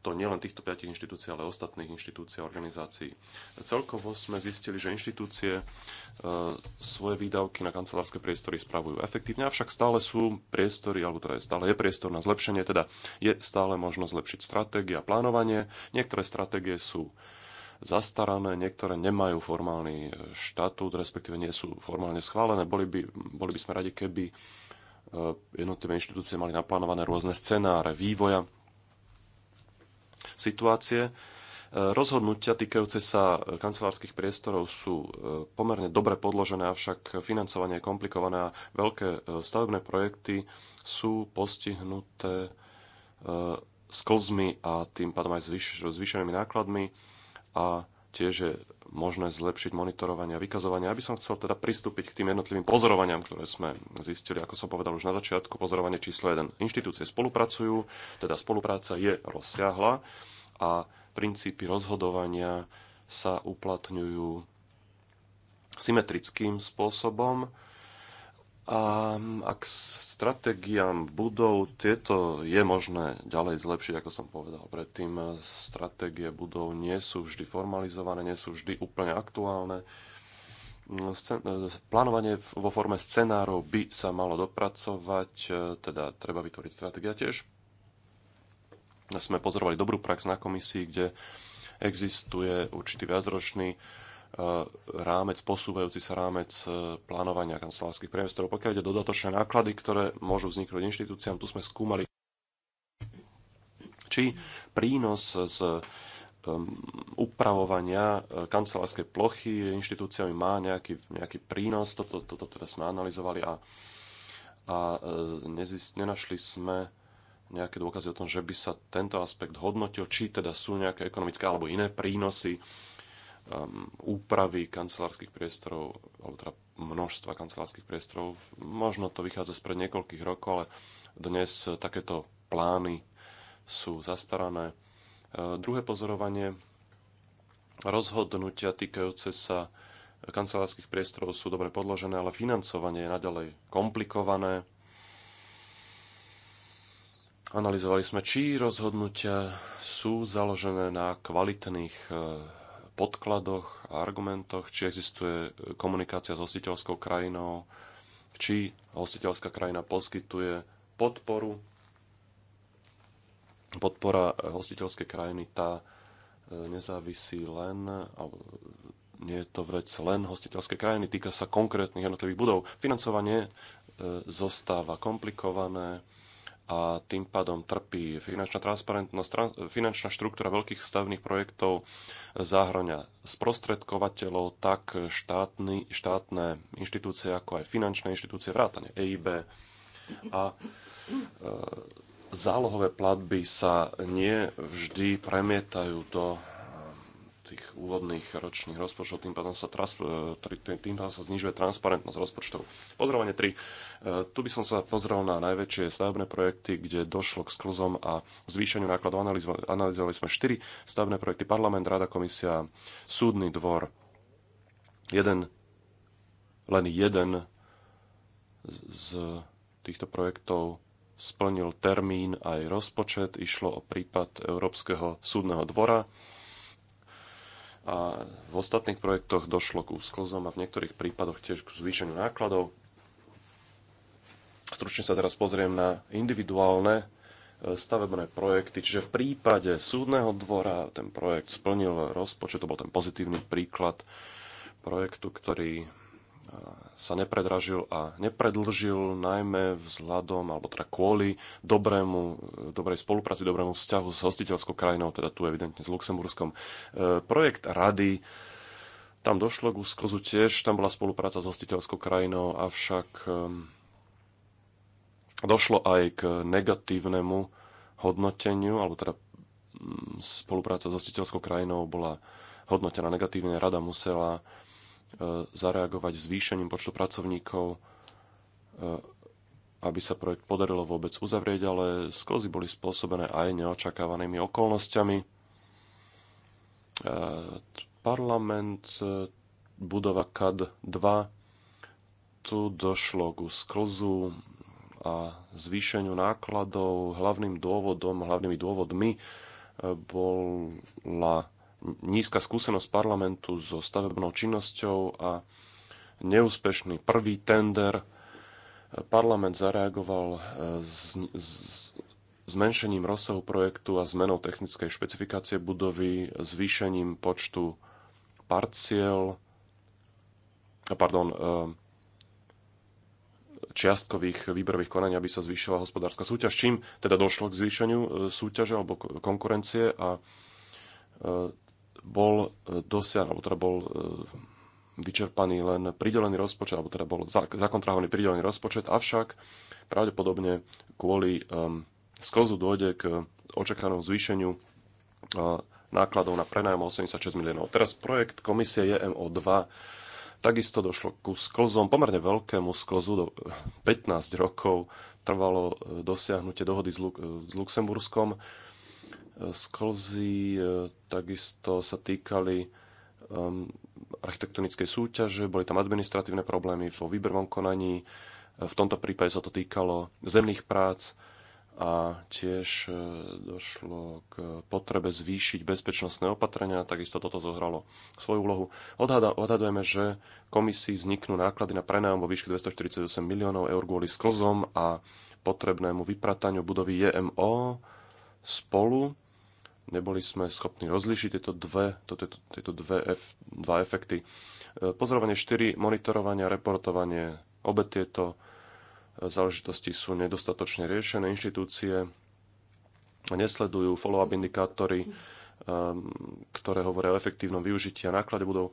to nielen týchto piatich inštitúcií, ale ostatných inštitúcií a organizácií. Celkovo sme zistili, že inštitúcie e, svoje výdavky na kancelárske priestory spravujú efektívne, avšak stále sú priestory, alebo teda stále je priestor na zlepšenie, teda je stále možno zlepšiť stratégie a plánovanie. Niektoré stratégie sú zastarané, niektoré nemajú formálny e, štatút, respektíve nie sú formálne schválené. Boli by, boli by sme radi, keby e, jednotlivé inštitúcie mali naplánované rôzne scenáre vývoja situácie. E, rozhodnutia týkajúce sa e, kancelárskych priestorov sú e, pomerne dobre podložené, avšak financovanie je komplikované a veľké stavebné projekty sú postihnuté sklzmi a tým pádom aj zvýšenými nákladmi a tiež je možné zlepšiť monitorovanie a vykazovanie. Ja by som chcel teda pristúpiť k tým jednotlivým pozorovaniam, ktoré sme zistili, ako som povedal už na začiatku, pozorovanie číslo 1. Inštitúcie spolupracujú, teda spolupráca je rozsiahla a princípy rozhodovania sa uplatňujú symetrickým spôsobom a ak stratégiám budov tieto je možné ďalej zlepšiť, ako som povedal predtým, eh, stratégie budov nie sú vždy formalizované, nie sú vždy úplne aktuálne. Mm, eh, plánovanie vo forme scenárov by sa malo dopracovať, eh, teda treba vytvoriť stratégia tiež. Sme pozorovali dobrú prax na komisii, kde existuje určitý viacročný E, rámec, posúvajúci sa rámec e, plánovania kancelárskych priestorov. Pokiaľ ide dodatočné náklady, ktoré môžu vzniknúť inštitúciám, tu sme skúmali, či prínos z e, upravovania kancelárskej plochy inštitúciami má nejaký, nejaký prínos. Toto, toto teda sme analyzovali a, a nezist, nenašli sme nejaké dôkazy o tom, že by sa tento aspekt hodnotil, či teda sú nejaké ekonomické alebo iné prínosy Um, úpravy kancelárskych priestorov, alebo teda množstva kancelárskych priestorov. Možno to vychádza spred niekoľkých rokov, ale dnes takéto plány sú zastarané. E, druhé pozorovanie, rozhodnutia týkajúce sa kancelárskych priestorov sú dobre podložené, ale financovanie je naďalej komplikované. Analizovali sme, či rozhodnutia sú založené na kvalitných e, podkladoch a argumentoch, či existuje komunikácia s hostiteľskou krajinou, či hostiteľská krajina poskytuje podporu. Podpora hostiteľskej krajiny tá e, nezávisí len, alebo nie je to vec len hostiteľskej krajiny, týka sa konkrétnych jednotlivých budov. Financovanie e, zostáva komplikované, a tým pádom trpí finančná transparentnosť, trans, finančná štruktúra veľkých stavebných projektov zahrania sprostredkovateľov, tak štátny, štátne inštitúcie, ako aj finančné inštitúcie, vrátane EIB a e, zálohové platby sa nie vždy premietajú do tých úvodných ročných rozpočtov, tým pádom sa, trans, e, tým pádom sa znižuje transparentnosť rozpočtov. Pozorovanie 3. E, tu by som sa pozrel na najväčšie stavebné projekty, kde došlo k sklzom a zvýšeniu nákladov. Analizovali sme 4 stavebné projekty. Parlament, Rada, Komisia, Súdny dvor. Jeden, len jeden z týchto projektov splnil termín aj rozpočet. Išlo o prípad Európskeho súdneho dvora a v ostatných projektoch došlo k úsklzom a v niektorých prípadoch tiež k zvýšeniu nákladov. Stručne sa teraz pozriem na individuálne e, stavebné projekty. Čiže v prípade súdneho dvora ten projekt splnil rozpočet, to bol ten pozitívny príklad projektu, ktorý sa nepredražil a nepredlžil, najmä vzhľadom, alebo teda kvôli dobrému, dobrej spolupráci, dobrému vzťahu s hostiteľskou krajinou, teda tu evidentne s Luxemburskom. E, projekt rady tam došlo k úskozu tiež, tam bola spolupráca s hostiteľskou krajinou, avšak e, došlo aj k negatívnemu hodnoteniu, alebo teda mm, spolupráca s hostiteľskou krajinou bola hodnotená negatívne, rada musela E, zareagovať zvýšením počtu pracovníkov, e, aby sa projekt podarilo vôbec uzavrieť, ale sklzy boli spôsobené aj neočakávanými okolnostiami. E, parlament budova CAD 2 tu došlo ku sklzu a zvýšeniu nákladov. Hlavným dôvodom, hlavnými dôvodmi bola nízka skúsenosť parlamentu so stavebnou činnosťou a neúspešný prvý tender. Parlament zareagoval e, s, s, zmenšením rozsahu projektu a zmenou technickej špecifikácie budovy, zvýšením počtu parciel, pardon, e, čiastkových výberových konaní, aby sa zvýšila hospodárska súťaž, čím teda došlo k zvýšeniu e, súťaže alebo konkurencie a bol e, dosiah, alebo teda bol e, vyčerpaný len pridelený rozpočet, alebo teda bol zakontrahovaný pridelený rozpočet, avšak pravdepodobne kvôli um, sklzu dôjde k očakávanom zvýšeniu uh, nákladov na prenajom 86 miliónov. Teraz projekt komisie JMO2 takisto došlo ku sklzom, pomerne veľkému sklzu, do 15 rokov trvalo dosiahnutie dohody s, Lu- s Luxemburskom sklzy e, takisto sa týkali um, architektonickej súťaže, boli tam administratívne problémy vo výberovom konaní, e, v tomto prípade sa to týkalo zemných prác a tiež e, došlo k potrebe zvýšiť bezpečnostné opatrenia, takisto toto zohralo svoju úlohu. Odhadujeme, že komisii vzniknú náklady na prenájom vo výške 248 miliónov eur kvôli sklzom a potrebnému vyprataniu budovy JMO spolu neboli sme schopní rozlíšiť tieto dve, to, tieto, tieto dve ef, dva efekty. E, pozorovanie 4, monitorovanie a reportovanie, obe tieto e, záležitosti sú nedostatočne riešené. Inštitúcie nesledujú follow-up indikátory, e, ktoré hovoria o efektívnom využití a náklade budov.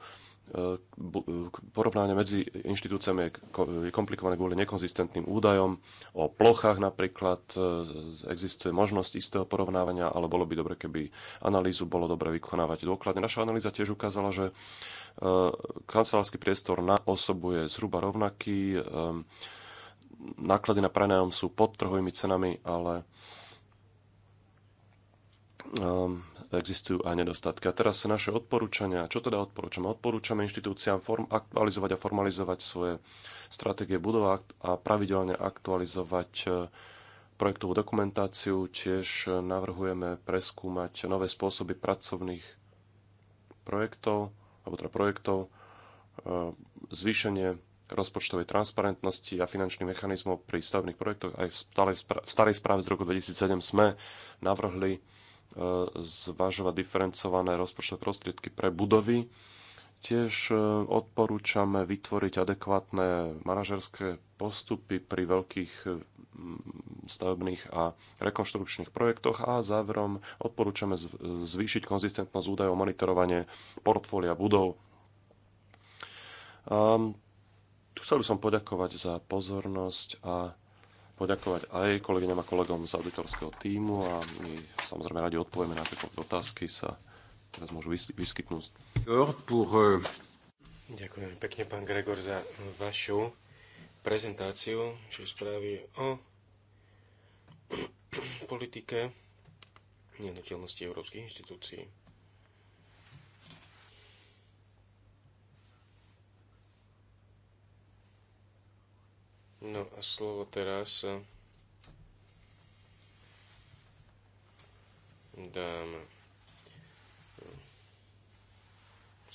Eh, eh, porovnanie medzi inštitúciami je komplikované kvôli nekonzistentným údajom. O plochách napríklad eh, existuje možnosť istého porovnávania, ale bolo by dobre, keby analýzu bolo dobre vykonávať dôkladne. Naša analýza tiež ukázala, že kancelársky priestor na osobu je zhruba rovnaký. Náklady na prenajom sú pod trhovými cenami, ale existujú aj nedostatky. A teraz naše odporúčania. Čo teda odporúčame? Odporúčame inštitúciám form, aktualizovať a formalizovať svoje stratégie budov a pravidelne aktualizovať e, projektovú dokumentáciu. Tiež e, navrhujeme preskúmať nové spôsoby pracovných projektov, alebo teda projektov, e, zvýšenie rozpočtovej transparentnosti a finančných mechanizmov pri stavebných projektoch. Aj v, v starej správe z roku 2007 sme navrhli zvažovať diferencované rozpočtové prostriedky pre budovy. Tiež e, odporúčame vytvoriť adekvátne manažerské postupy pri veľkých stavebných a rekonštrukčných projektoch a záverom odporúčame zvýšiť konzistentnosť údajov monitorovanie portfólia budov. Um, chcel by som poďakovať za pozornosť a poďakovať aj kolegyňam a kolegom z auditorského týmu a my samozrejme radi odpovieme na akékoľvek otázky sa teraz môžu vyskytnúť. Euh, Ďakujem pekne, pán Gregor, za vašu prezentáciu, čo správy o <clears throat> politike nenutelnosti európskych inštitúcií. No a slovo teraz eh, dám eh,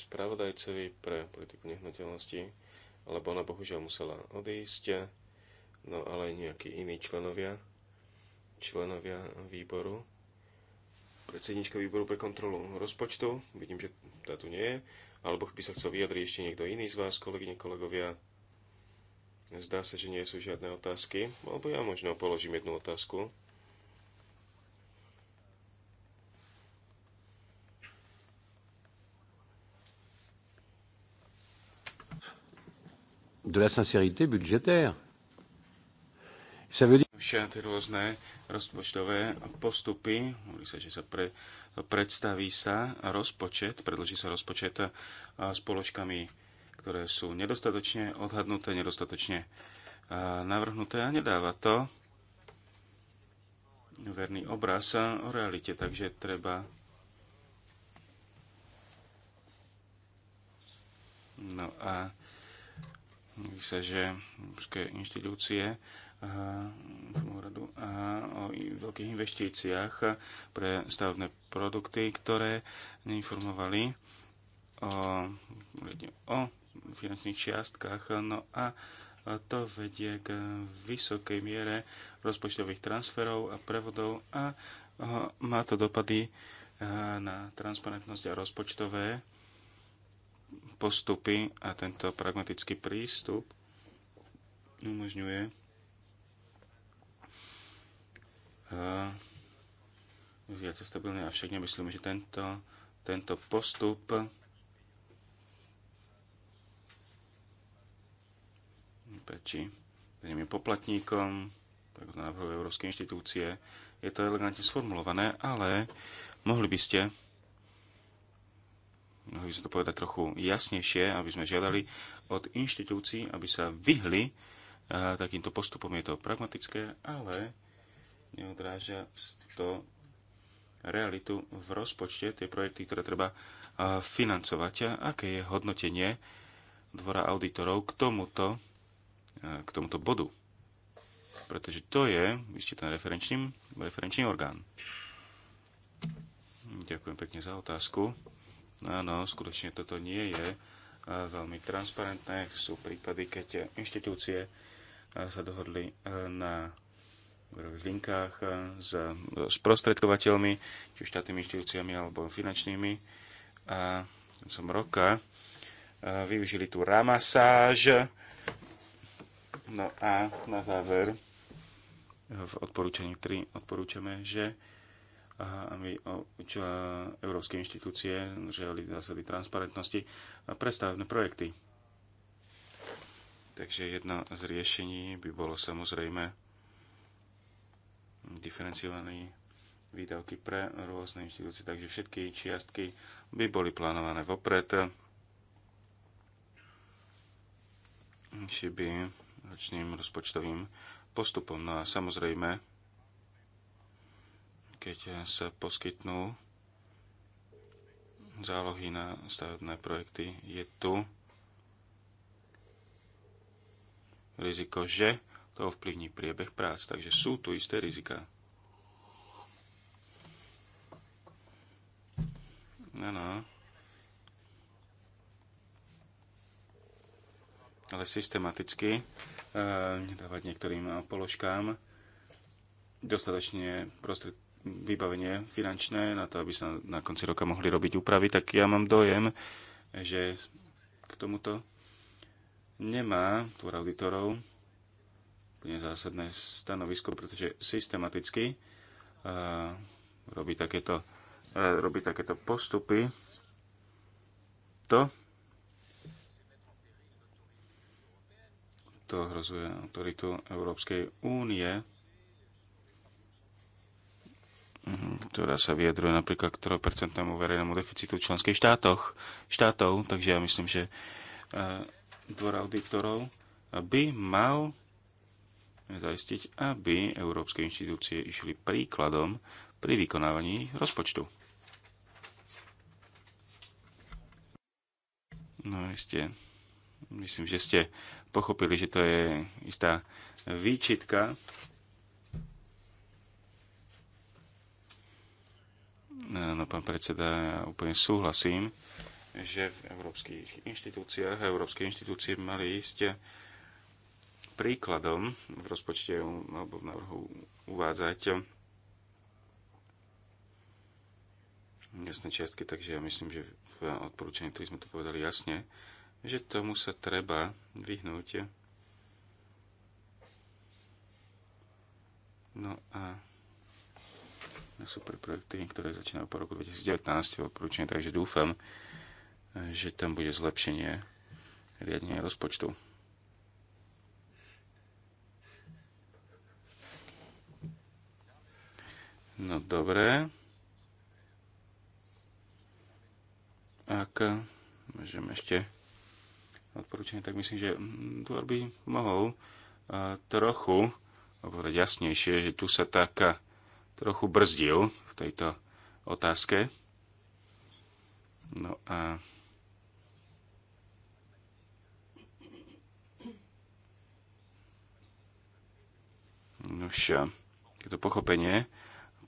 spravodajcovi pre politiku nehnuteľnosti, lebo ona bohužiaľ musela odísť, no ale nejakí iní členovia, členovia výboru, predsednička výboru pre kontrolu rozpočtu, vidím, že tá tu nie je, alebo by sa chcel vyjadriť ešte niekto iný z vás, kolegyne, kolegovia, Zdá sa, že nie sú žiadne otázky, alebo ja možno položím jednu otázku. de la sincérité budgétaire. Ça veut dire... Všetky rôzne rozpočtové postupy, hovorí sa, že sa pre, predstaví sa rozpočet, predloží sa rozpočet s položkami ktoré sú nedostatočne odhadnuté, nedostatočne navrhnuté a nedáva to verný obraz o realite, takže treba No a Hovorí sa, že európske inštitúcie úradu a o veľkých investíciách pre stavebné produkty, ktoré neinformovali o, o finančných čiastkách. No a to vedie k vysokej miere rozpočtových transferov a prevodov a má to dopady eh, na transparentnosť a rozpočtové postupy a tento pragmatický prístup umožňuje eh, viac stabilné, avšak nemyslíme, že tento, tento postup peči je poplatníkom, tak to navrhujú európske inštitúcie. Je to elegantne sformulované, ale mohli by ste mohli by ste to povedať trochu jasnejšie, aby sme žiadali od inštitúcií, aby sa vyhli a eh, takýmto postupom. Je to pragmatické, ale neodráža to realitu v rozpočte, tie projekty, ktoré treba eh, financovať. A aké je hodnotenie dvora auditorov k tomuto k tomuto bodu. Pretože to je, vy ste ten referenčný, referenčný orgán. Ďakujem pekne za otázku. Áno, skutočne toto nie je veľmi transparentné. Sú prípady, keď inštitúcie sa dohodli na úverových linkách s prostredkovateľmi či už štátnymi inštitúciami alebo finančnými. A som roka využili tú ramasáž, No a na záver v odporúčaní 3 odporúčame, že aby európske inštitúcie želi zásady transparentnosti a prestávne projekty. Takže jedno z riešení by bolo samozrejme diferenciované výdavky pre rôzne inštitúcie, takže všetky čiastky by boli plánované vopred. Či by ročným rozpočtovým postupom. No a samozrejme, keď sa poskytnú zálohy na stavebné projekty, je tu riziko, že to ovplyvní priebeh prác. Takže sú tu isté rizika. Áno. Ale systematicky E, nedávať niektorým položkám dostatočne prostred, vybavenie finančné na to, aby sa na konci roka mohli robiť úpravy, tak ja mám dojem, že k tomuto nemá tvor auditorov úplne zásadné stanovisko, pretože systematicky uh, robí, takéto, uh, robí takéto postupy. To to ohrozuje autoritu Európskej únie, mhm, ktorá sa vyjadruje napríklad k 3% verejnému deficitu v členských štátoch, štátov, takže ja myslím, že e, dvor auditorov by mal zaistiť, aby európske inštitúcie išli príkladom pri vykonávaní rozpočtu. No ste, myslím, že ste pochopili, že to je istá výčitka. No, pán predseda, ja úplne súhlasím, že v európskych inštitúciách a európske inštitúcie mali ísť príkladom v rozpočte alebo v návrhu uvádzať jasné čiastky, takže ja myslím, že v odporúčaní, ktorý sme to povedali jasne, že tomu sa treba vyhnúť. No a sú pre projekty, ktoré začínajú po roku 2019 odporúčam, takže dúfam, že tam bude zlepšenie riadenia rozpočtu. No dobré. Ak môžeme ešte odporúčanie, tak myslím, že Dvor mm, by mohol e, trochu povedať jasnejšie, že tu sa tak e, trochu brzdil v tejto otázke. No a Nož, to pochopenie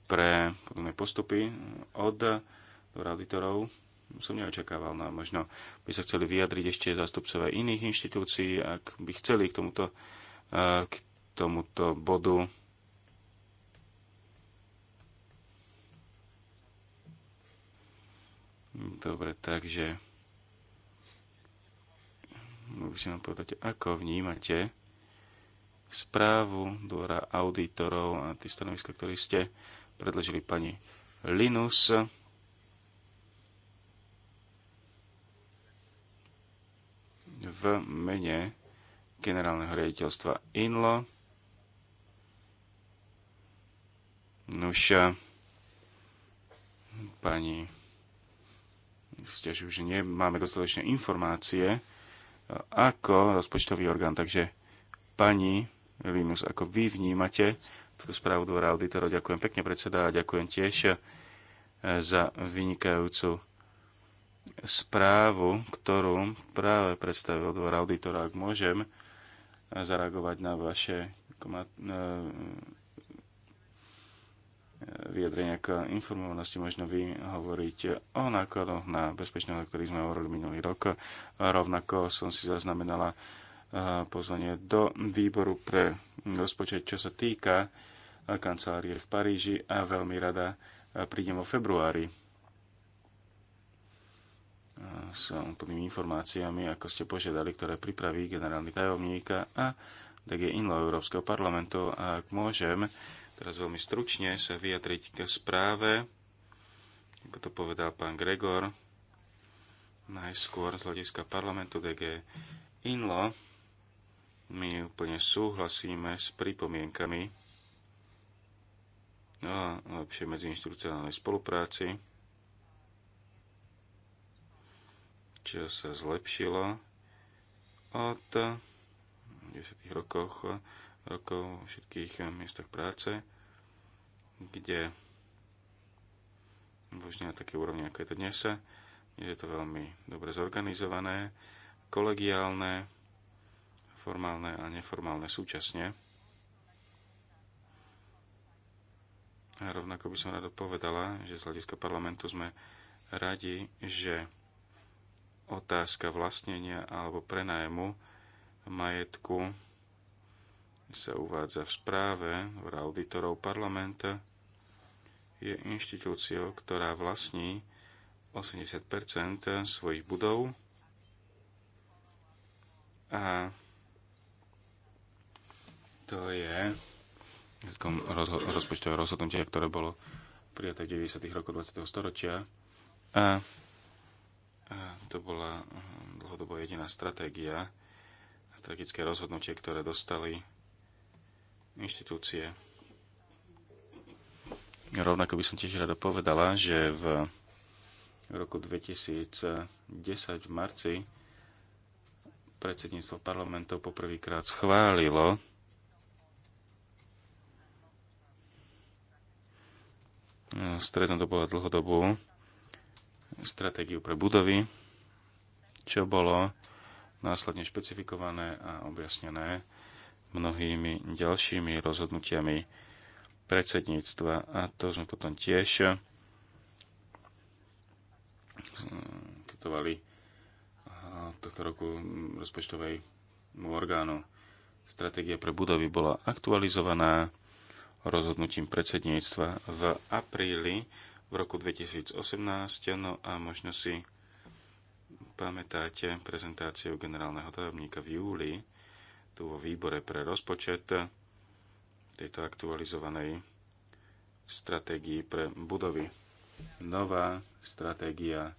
pre podobné postupy od auditorov som neočakával. No možno by sa chceli vyjadriť ešte zástupcovia iných inštitúcií, ak by chceli k tomuto, eh, k tomuto bodu. Dobre, takže mohli si nám povedať, ako vnímate správu dvora auditorov a tie stanoviska, ktoré ste predložili pani Linus. v mene generálneho riaditeľstva INLO. Nuša, pani stiažujú, že nemáme dostatočné informácie ako rozpočtový orgán. Takže pani Linus, ako vy vnímate túto správu dvora auditorov, ďakujem pekne predseda a ďakujem tiež za vynikajúcu správu, ktorú práve predstavil dvor auditora, ak môžem zareagovať na vaše e, vyjadrenia k informovanosti. Možno vy hovoríte o nákladoch na bezpečnosť, o ktorých sme hovorili minulý rok. Rovnako som si zaznamenala e, pozvanie do výboru pre rozpočet, čo sa týka e, kancelárie v Paríži a veľmi rada prídem vo februári s úplnými informáciami, ako ste požiadali, ktoré pripraví generálny tajomník a je Inlo Európskeho parlamentu. A ak môžem, teraz veľmi stručne sa vyjadriť k správe, ako to povedal pán Gregor, najskôr z hľadiska parlamentu DG Inlo. My úplne súhlasíme s pripomienkami o no, lepšej medziinstitucionálnej spolupráci čo sa zlepšilo od 10. rokoch, rokov v všetkých miestach práce, kde možno na také úrovni, ako je to dnes, je to veľmi dobre zorganizované, kolegiálne, formálne a neformálne súčasne. A rovnako by som rado povedala, že z hľadiska parlamentu sme radi, že otázka vlastnenia alebo prenájmu majetku sa uvádza v správe v auditorov parlamenta, je inštitúciou, ktorá vlastní 80 svojich budov a to je rozho- rozpočtové rozhodnutie, ktoré bolo prijaté v 90. rokoch 20. storočia a to bola hm, dlhodobo jediná stratégia, strategické rozhodnutie, ktoré dostali inštitúcie. Rovnako by som tiež rada povedala, že v roku 2010 v marci predsedníctvo parlamentov poprvýkrát schválilo strednodobú a dlhodobú stratégiu pre budovy čo bolo následne špecifikované a objasnené mnohými ďalšími rozhodnutiami predsedníctva. A to sme potom tiež eh, kutovali eh, tohto roku rozpočtovej orgánu. Stratégia pre budovy bola aktualizovaná rozhodnutím predsedníctva v apríli v roku 2018. No a možno si pamätáte prezentáciu generálneho tajomníka v júli tu vo výbore pre rozpočet tejto aktualizovanej stratégii pre budovy. Nová stratégia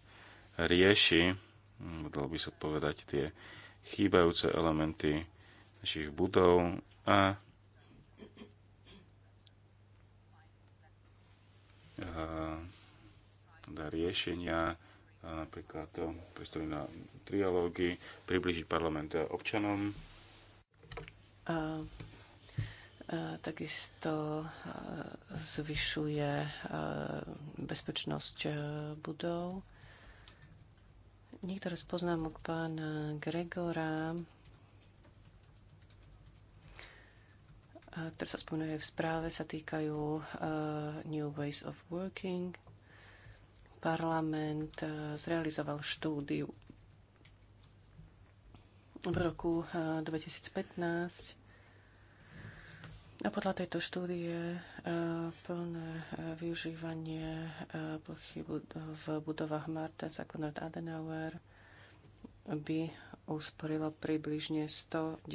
rieši, hm, dalo by sa povedať, tie chýbajúce elementy našich budov a a riešenia napríklad pristúpi na trialógy, približiť parlament občanom. A, a takisto zvyšuje bezpečnosť budov. Niektoré z poznámok pána Gregora, ktoré sa spomínajú v správe, sa týkajú New Ways of Working – parlament e, zrealizoval štúdiu v roku 2015 e, a podľa tejto štúdie e, plné využívanie plochy v budovách marta a Konrad Adenauer by usporilo približne 110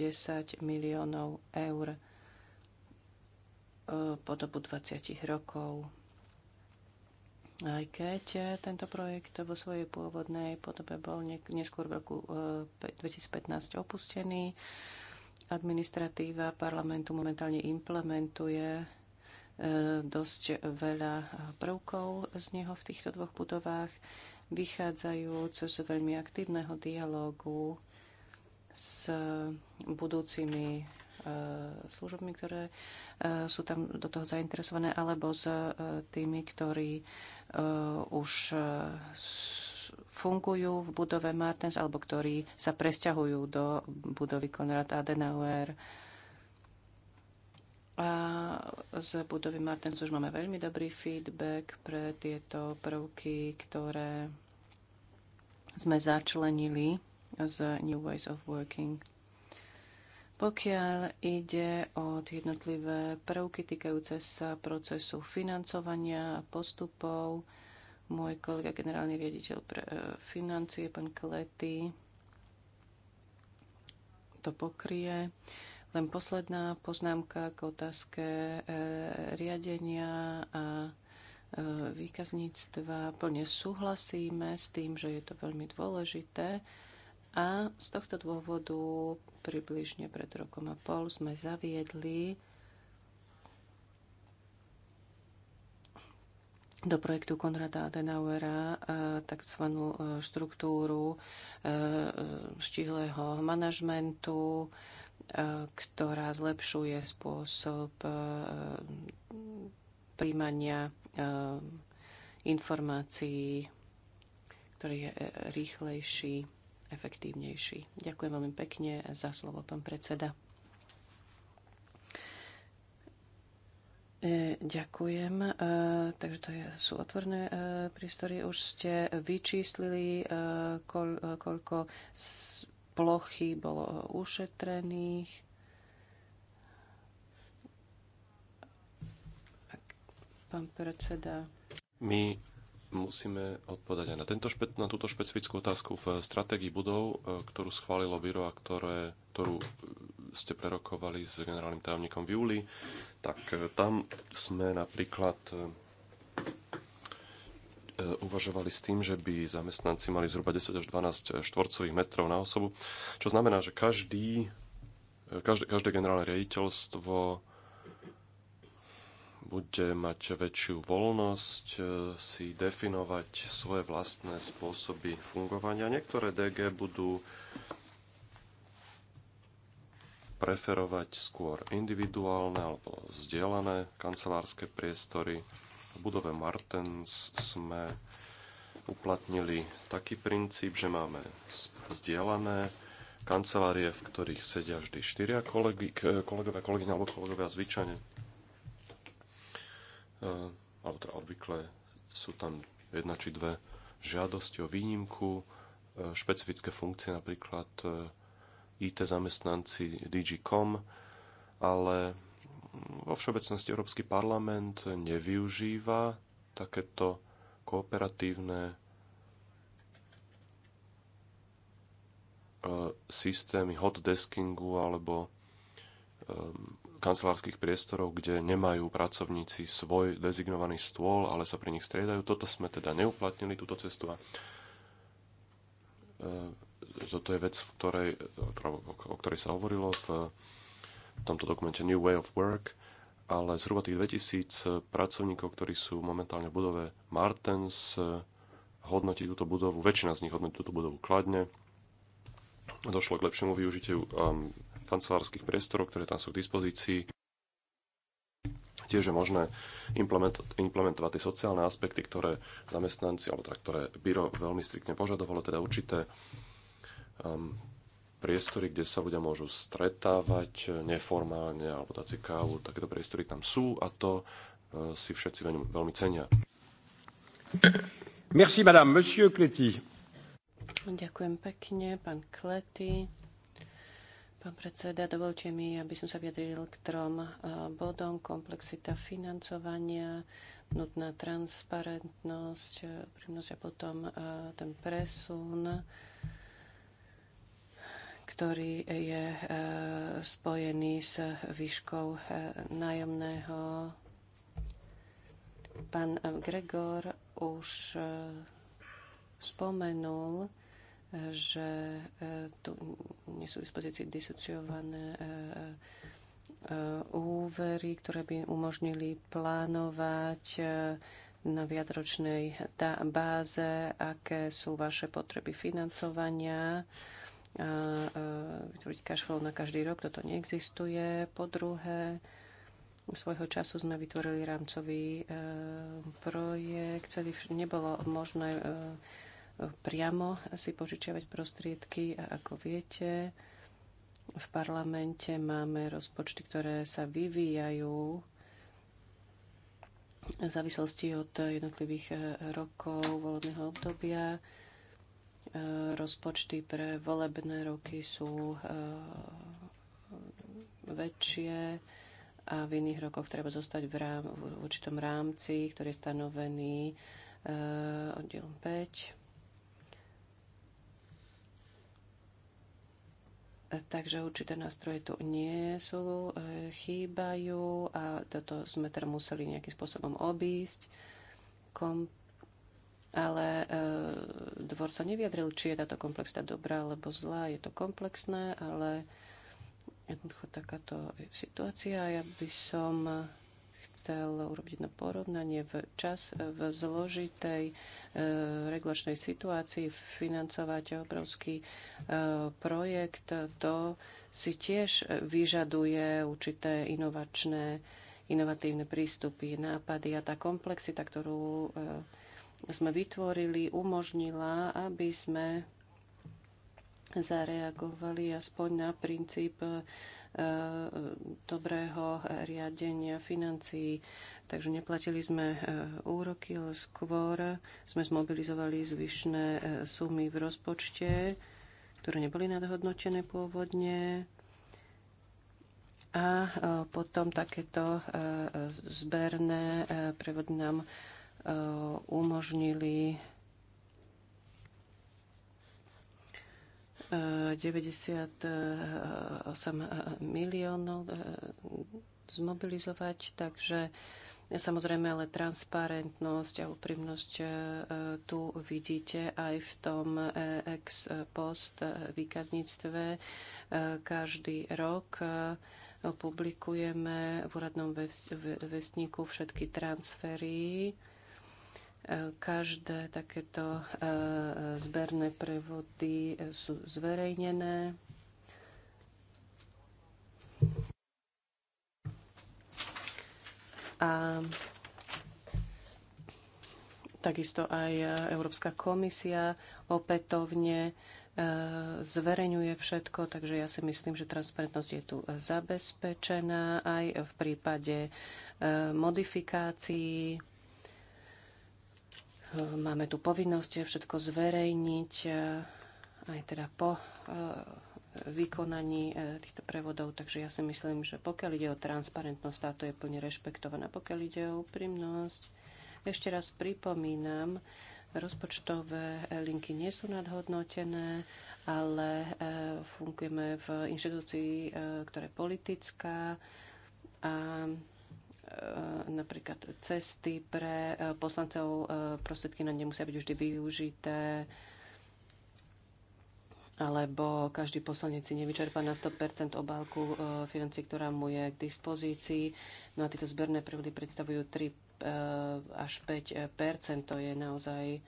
miliónov eur po dobu 20 rokov. Aj keď e, tento projekt vo svojej pôvodnej podobe bol neskôr v roku 2015 e, opustený, administratíva parlamentu momentálne implementuje e, dosť veľa prvkov z neho v týchto dvoch budovách, vychádzajúc z veľmi aktívneho dialógu s budúcimi E, službami, ktoré e, sú tam do toho zainteresované, alebo s e, tými, ktorí už fungujú v budove Martens alebo ktorí sa presťahujú do budovy Konrad Adenauer. A z budovy Martens už máme veľmi dobrý feedback pre tieto prvky, ktoré sme začlenili z New Ways of Working. Pokiaľ ide o jednotlivé prvky týkajúce sa procesu financovania a postupov, môj kolega generálny riaditeľ pre e, financie, pán Klety, to pokrie. Len posledná poznámka k otázke e, riadenia a e, výkazníctva. Plne súhlasíme s tým, že je to veľmi dôležité a z tohto dôvodu približne pred rokom a pol sme zaviedli do projektu Konrada Adenauera e, tzv. E, štruktúru e, štihlého manažmentu, ktorá zlepšuje spôsob príjmania informácií, ktorý je rýchlejší efektívnejší. Ďakujem veľmi pekne za slovo, pán predseda. E, ďakujem. E, takže to sú otvorné e, priestory. Už ste vyčíslili, koľko plochy bolo ušetrených. Pán predseda. My musíme odpovedať aj na, tento špe- na túto špecifickú otázku v stratégii budov, e, ktorú schválilo viro a ktoré, ktorú e, ste prerokovali s generálnym tajomníkom v júli, tak e, tam sme napríklad uvažovali s tým, že by zamestnanci mali zhruba 10 až 12 štvorcových metrov na osobu, čo znamená, že každý, každé, každé generálne riaditeľstvo bude mať väčšiu voľnosť e, si definovať svoje vlastné spôsoby fungovania. Niektoré DG budú preferovať skôr individuálne alebo zdieľané kancelárske priestory. V budove Martens sme uplatnili taký princíp, že máme zdieľané kancelárie, v ktorých sedia vždy štyria kolegy, kolegovia, kolegyne alebo kolegovia zvyčajne E, alebo teda obvykle sú tam jedna či dve žiadosti o výnimku, e, špecifické funkcie, napríklad IT e, zamestnanci DG.com, ale vo všeobecnosti Európsky parlament nevyužíva takéto kooperatívne systémy hot deskingu alebo kancelárskych priestorov, kde nemajú pracovníci svoj dezignovaný stôl, ale sa pri nich striedajú. Toto sme teda neuplatnili, túto cestu a e, toto je vec, v ktorej, e, o ktorej sa hovorilo v tomto dokumente New Way of Work, ale zhruba tých 2000 pracovníkov, ktorí sú momentálne v budove Martens, e, hodnotí túto budovu, väčšina z nich hodnotí túto budovu kladne. Došlo k lepšiemu využitiu kancelárskych priestorov, ktoré tam sú k dispozícii. Tiež je možné implementovať tie sociálne aspekty, ktoré zamestnanci, alebo teda ktoré byro veľmi striktne požadovalo, teda určité um, priestory, kde sa ľudia môžu stretávať eh, neformálne alebo dať si kávu, takéto priestory tam sú a to uh, si všetci veľmi cenia. Merci, madame. Monsieur Kleti. Ďakujem pekne, pán Klety. Pán predseda, dovolte mi, aby som sa vyjadril k trom eh, bodom. Komplexita financovania, nutná transparentnosť, prínosť a potom eh, ten presun, ktorý je eh, spojený s výškou nájomného. Pán Gregor už spomenul, že e, tu nie sú v dispozícii disociované e, e, úvery, ktoré by umožnili plánovať na viacročnej báze, aké sú vaše potreby financovania a vytvoriť cash flow na každý rok, toto neexistuje. Po druhé, svojho času sme vytvorili rámcový projekt, ktorý nebolo možné priamo si požičiavať prostriedky a ako viete, v parlamente máme rozpočty, ktoré sa vyvíjajú v závislosti od jednotlivých rokov volebného obdobia. Rozpočty pre volebné roky sú eh, väčšie a v iných rokoch treba zostať v, rám, v určitom rámci, ktorý je stanovený eh, oddielom 5 Takže určité nástroje tu nie sú, e, chýbajú a toto sme teda museli nejakým spôsobom obísť. Kom, ale e, dvor sa neviadril, či je táto komplexita dobrá alebo zlá. Je to komplexné, ale jednoducho takáto situácia. Ja by som chcel urobiť na porovnanie. V čas v zložitej e, regulačnej situácii financovať obrovský e, projekt, to si tiež vyžaduje určité inovačné, inovatívne prístupy, nápady a tá komplexita, ktorú e, sme vytvorili, umožnila, aby sme zareagovali aspoň na princíp Eh, dobrého riadenia financií. Takže neplatili sme eh, úroky, ale skôr sme zmobilizovali zvyšné eh, sumy v rozpočte, ktoré neboli nadhodnotené pôvodne. A potom takéto zberné prevody nám umožnili 98 eh, miliónov eh, zmobilizovať, takže samozrejme ale transparentnosť a úprimnosť eh, tu vidíte aj v tom ex post výkazníctve. Každý rok publikujeme v úradnom vestníku všetky transfery Každé takéto e, zberné prevody e, sú zverejnené. A takisto aj e, Európska komisia opätovne zverejňuje všetko, takže ja si myslím, že transparentnosť je tu zabezpečená aj v prípade modifikácií Máme tu povinnosť všetko zverejniť e, aj teda po e, vykonaní e, týchto prevodov. Takže ja si myslím, že pokiaľ ide o transparentnosť, táto je plne rešpektovaná. Pokiaľ ide o úprimnosť, ešte raz pripomínam, rozpočtové linky nie sú nadhodnotené, ale fungujeme v inštitúcii, ktorá je politická a E, napríklad cesty pre e, poslancov, e, prostriedky na ne musia byť vždy využité, alebo každý poslanec si nevyčerpá na 100% obálku financí, ktorá mu je k dispozícii. No a tieto zberné prívody predstavujú 3 až 5 To je naozaj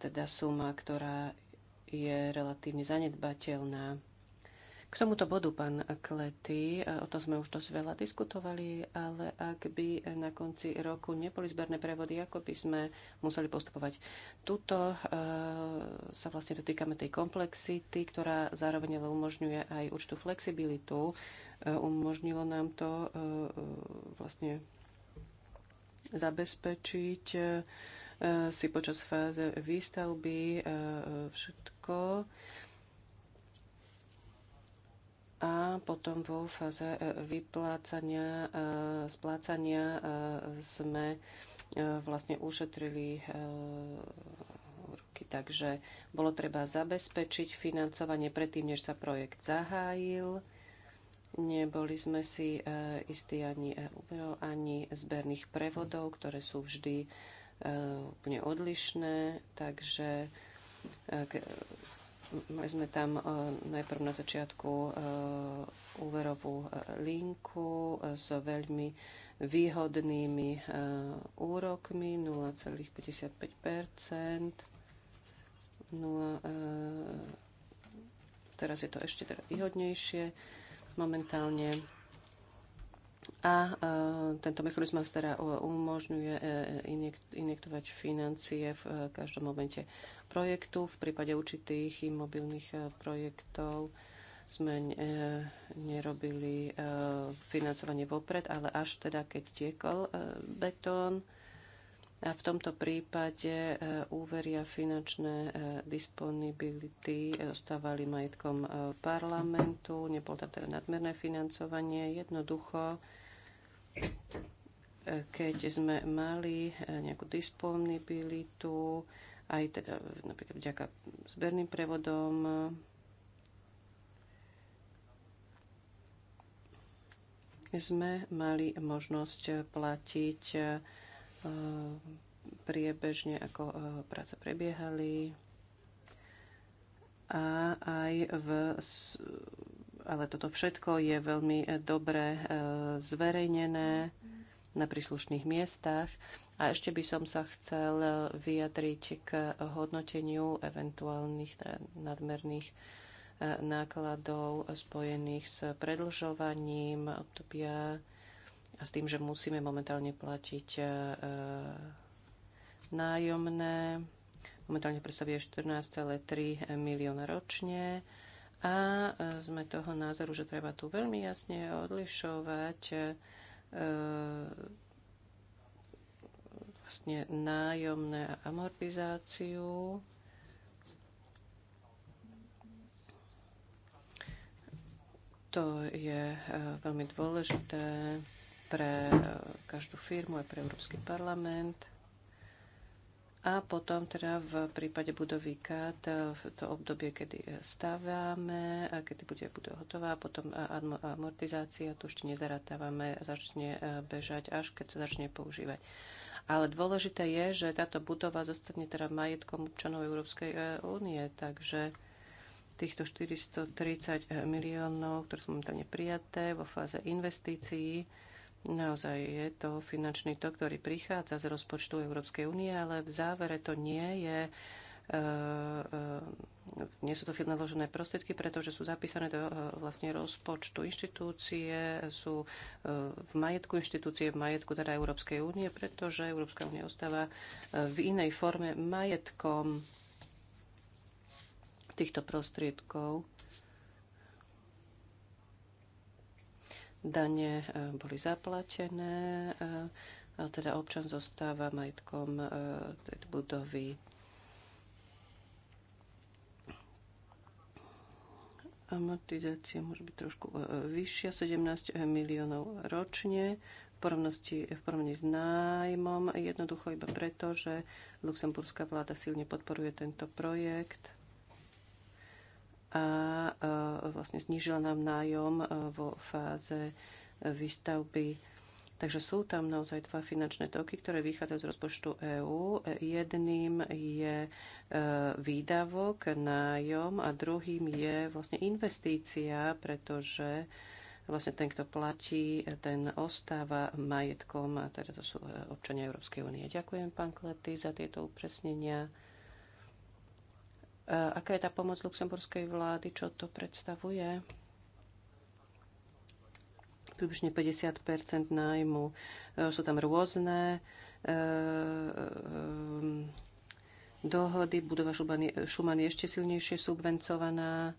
teda suma, ktorá je relatívne zanedbateľná. K tomuto bodu, pán Klety, e, o tom sme už dosť veľa diskutovali, ale ak by na konci roku neboli zberné prevody, ako by sme museli postupovať. Tuto e, sa vlastne dotýkame tej komplexity, ktorá zároveň ale umožňuje aj určitú flexibilitu. E, umožnilo nám to e, e vlastne zabezpečiť e, e, si počas fáze výstavby e, všetko. E, a potom vo fáze e, vyplácania, e, splácania e, sme vlastne ušetrili úroky. Takže bolo treba zabezpečiť financovanie predtým, než sa projekt zahájil. Neboli sme si istí ani úverov, ani zberných prevodov, ktoré sú vždy úplne odlišné, takže Mali sme tam e, najprv na začiatku e, úverovú e, linku s veľmi výhodnými úrokmi 0,55 e, teraz je to ešte teda výhodnejšie momentálne a e, tento mechanizmus teda e, umožňuje e, injektovať financie v každom momente projektu. V prípade určitých imobilných projektov sme nerobili financovanie vopred, ale až teda keď tiekol betón, a v tomto prípade e, úvery a finančné e, disponibility e, zostávali majetkom parlamentu, nebolo tam teda nadmerné financovanie. Jednoducho, keď sme mali nejakú disponibilitu, aj teda napríklad vďaka zberným prevodom, sme mali možnosť platiť Eh, priebežne, ako eh, práce prebiehali a aj v ale toto všetko je veľmi eh, dobre zverejnené na príslušných miestach. A ešte by som sa chcel vyjadriť k hodnoteniu eventuálnych nadmerných nákladov spojených s predlžovaním obdobia a s tým, že musíme momentálne platiť e, e, nájomné. Momentálne predstavuje 14,3 milióna ročne. A e, sme toho názoru, že treba tu veľmi jasne odlišovať vlastne nájomné a amortizáciu. To je veľmi dôležité pre eh, každú firmu aj pre Európsky parlament. A potom teda v prípade budovy KAT, eh, v to obdobie, kedy eh, stávame, a kedy bude budova hotová, potom amortizácia, tu ešte nezaratávame, začne bežať, až keď sa začne používať. Ale dôležité je, že táto budova zostane teda majetkom občanov Európskej únie, takže týchto 430 miliónov, ktoré sú momentálne prijaté vo fáze investícií, Naozaj je to finančný tok, ktorý prichádza z rozpočtu Európskej únie, ale v závere to nie je e, e, nie sú to naložené prostriedky, pretože sú zapísané do e, vlastne rozpočtu inštitúcie, sú v majetku inštitúcie, v majetku teda Európskej únie, pretože Európska únia ostáva v inej forme majetkom týchto prostriedkov. dane eh, boli zaplatené, eh, ale teda občan zostáva majetkom eh, budovy. Amortizácia môže byť trošku vyššia, 17 miliónov ročne porovnosti, v porovnosti s nájmom, jednoducho iba preto, že luxemburská vláda silne podporuje tento projekt a vlastne znížila nám nájom vo fáze výstavby. Takže sú tam naozaj dva finančné toky, ktoré vychádzajú z rozpočtu EÚ. Jedným je e, výdavok, nájom a druhým je vlastne investícia, pretože vlastne ten, kto platí, ten ostáva majetkom, a teda to sú e, občania Európskej únie. Ďakujem, pán Klety, za tieto upresnenia. E, aká je tá pomoc luxemburskej vlády? Čo to predstavuje? Približne 50 nájmu. E, sú tam rôzne e, dohody. Budova Šuman je ešte silnejšie subvencovaná.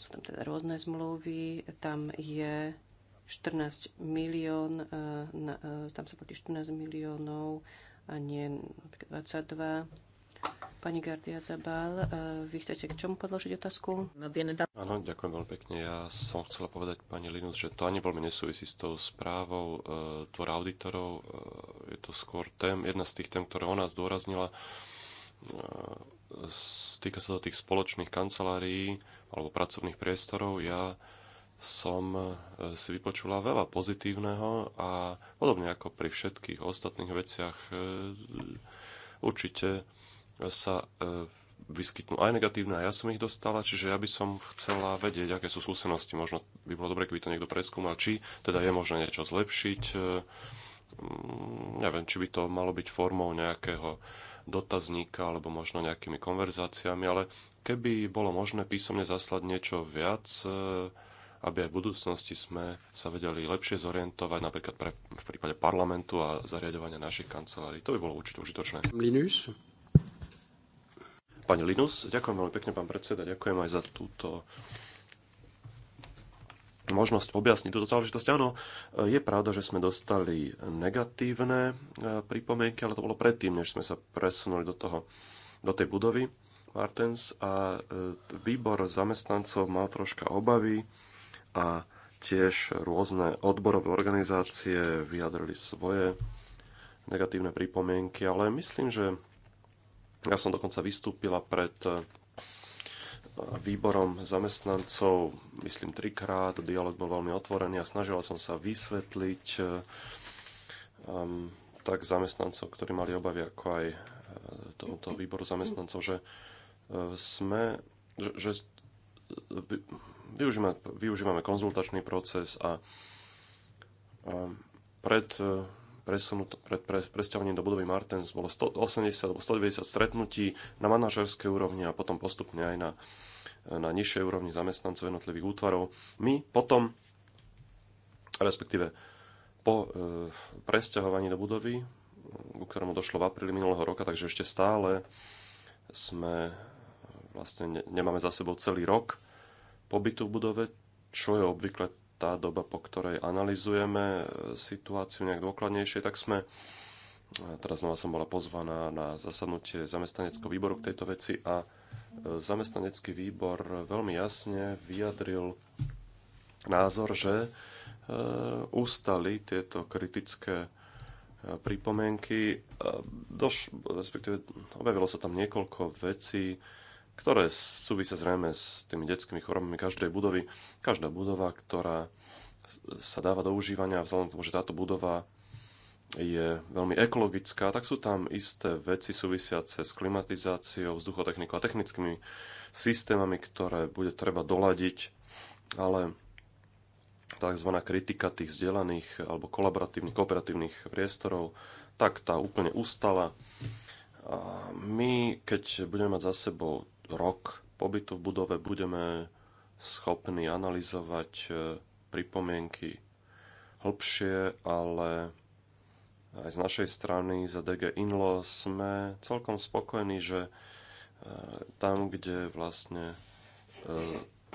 Sú tam teda rôzne zmluvy. Tam je 14 milión, tam sa platí 14 miliónov a nie 22 Pani Gardia Zabal, eh, vy chcete k čomu podložiť otázku? Áno, ďakujem veľmi pekne. Ja som chcela povedať pani Linus, že to ani veľmi nesúvisí s tou správou eh, dvora auditorov. Eh, je to skôr tém, jedna z tých tém, ktoré ona zdôraznila. Týka sa to tých spoločných kancelárií alebo pracovných priestorov. Ja som si vypočula veľa pozitívneho a podobne ako pri všetkých ostatných veciach určite sa e, vyskytnú aj negatívne, a ja som ich dostala, čiže ja by som chcela vedieť, aké sú skúsenosti. Možno by bolo dobre, keby to niekto preskúmal, či teda je možné niečo zlepšiť. E, mm, neviem, či by to malo byť formou nejakého dotazníka alebo možno nejakými konverzáciami, ale keby bolo možné písomne zaslať niečo viac, e, aby aj v budúcnosti sme sa vedeli lepšie zorientovať, napríklad pre, v prípade parlamentu a zariadovania našich kancelárií. To by bolo určite užitočné. Linus? Pani Linus, ďakujem veľmi pekne, pán predseda, ďakujem aj za túto možnosť objasniť túto záležitosť. Áno, je pravda, že sme dostali negatívne e, pripomienky, ale to bolo predtým, než sme sa presunuli do, toho, do tej budovy Martens a e, výbor zamestnancov mal troška obavy a tiež rôzne odborové organizácie vyjadrili svoje negatívne pripomienky, ale myslím, že ja som dokonca vystúpila pred e, výborom zamestnancov, myslím, trikrát. Dialog bol veľmi otvorený a snažila som sa vysvetliť um, tak zamestnancov, ktorí mali obavy, ako aj e, tomuto výboru zamestnancov, že sme, že, že využívame, využívame konzultačný proces a, a pred presunuté, pred pre, presťahovaním do budovy Martens bolo 180 alebo 190 stretnutí na manažerskej úrovni a potom postupne aj na, na nižšej úrovni zamestnancov jednotlivých útvarov. My potom, respektíve po e, presťahovaní do budovy, ku ktorému došlo v apríli minulého roka, takže ešte stále sme e, vlastne ne, nemáme za sebou celý rok pobytu v budove, čo je obvykle tá doba, po ktorej analizujeme e, situáciu nejak dôkladnejšie, tak sme, e, teraz znova som bola pozvaná na zasadnutie zamestnaneckého výboru k tejto veci a e, zamestnanecký výbor veľmi jasne vyjadril názor, že ustali tieto kritické pripomienky. Doš, respektíve objavilo sa tam niekoľko vecí, ktoré súvisia zrejme s tými detskými chorobami každej budovy. Každá budova, ktorá sa dáva do užívania, vzhľadom k tomu, že táto budova je veľmi ekologická, tak sú tam isté veci súvisiace s klimatizáciou, vzduchotechnikou a technickými systémami, ktoré bude treba doladiť, ale tzv. kritika tých zdieľaných alebo kolaboratívnych, kooperatívnych priestorov, tak tá úplne ustala. A my, keď budeme mať za sebou rok pobytu v budove budeme schopní analyzovať e, pripomienky hlbšie, ale aj z našej strany za DG Inlo sme celkom spokojní, že e, tam, kde vlastne e,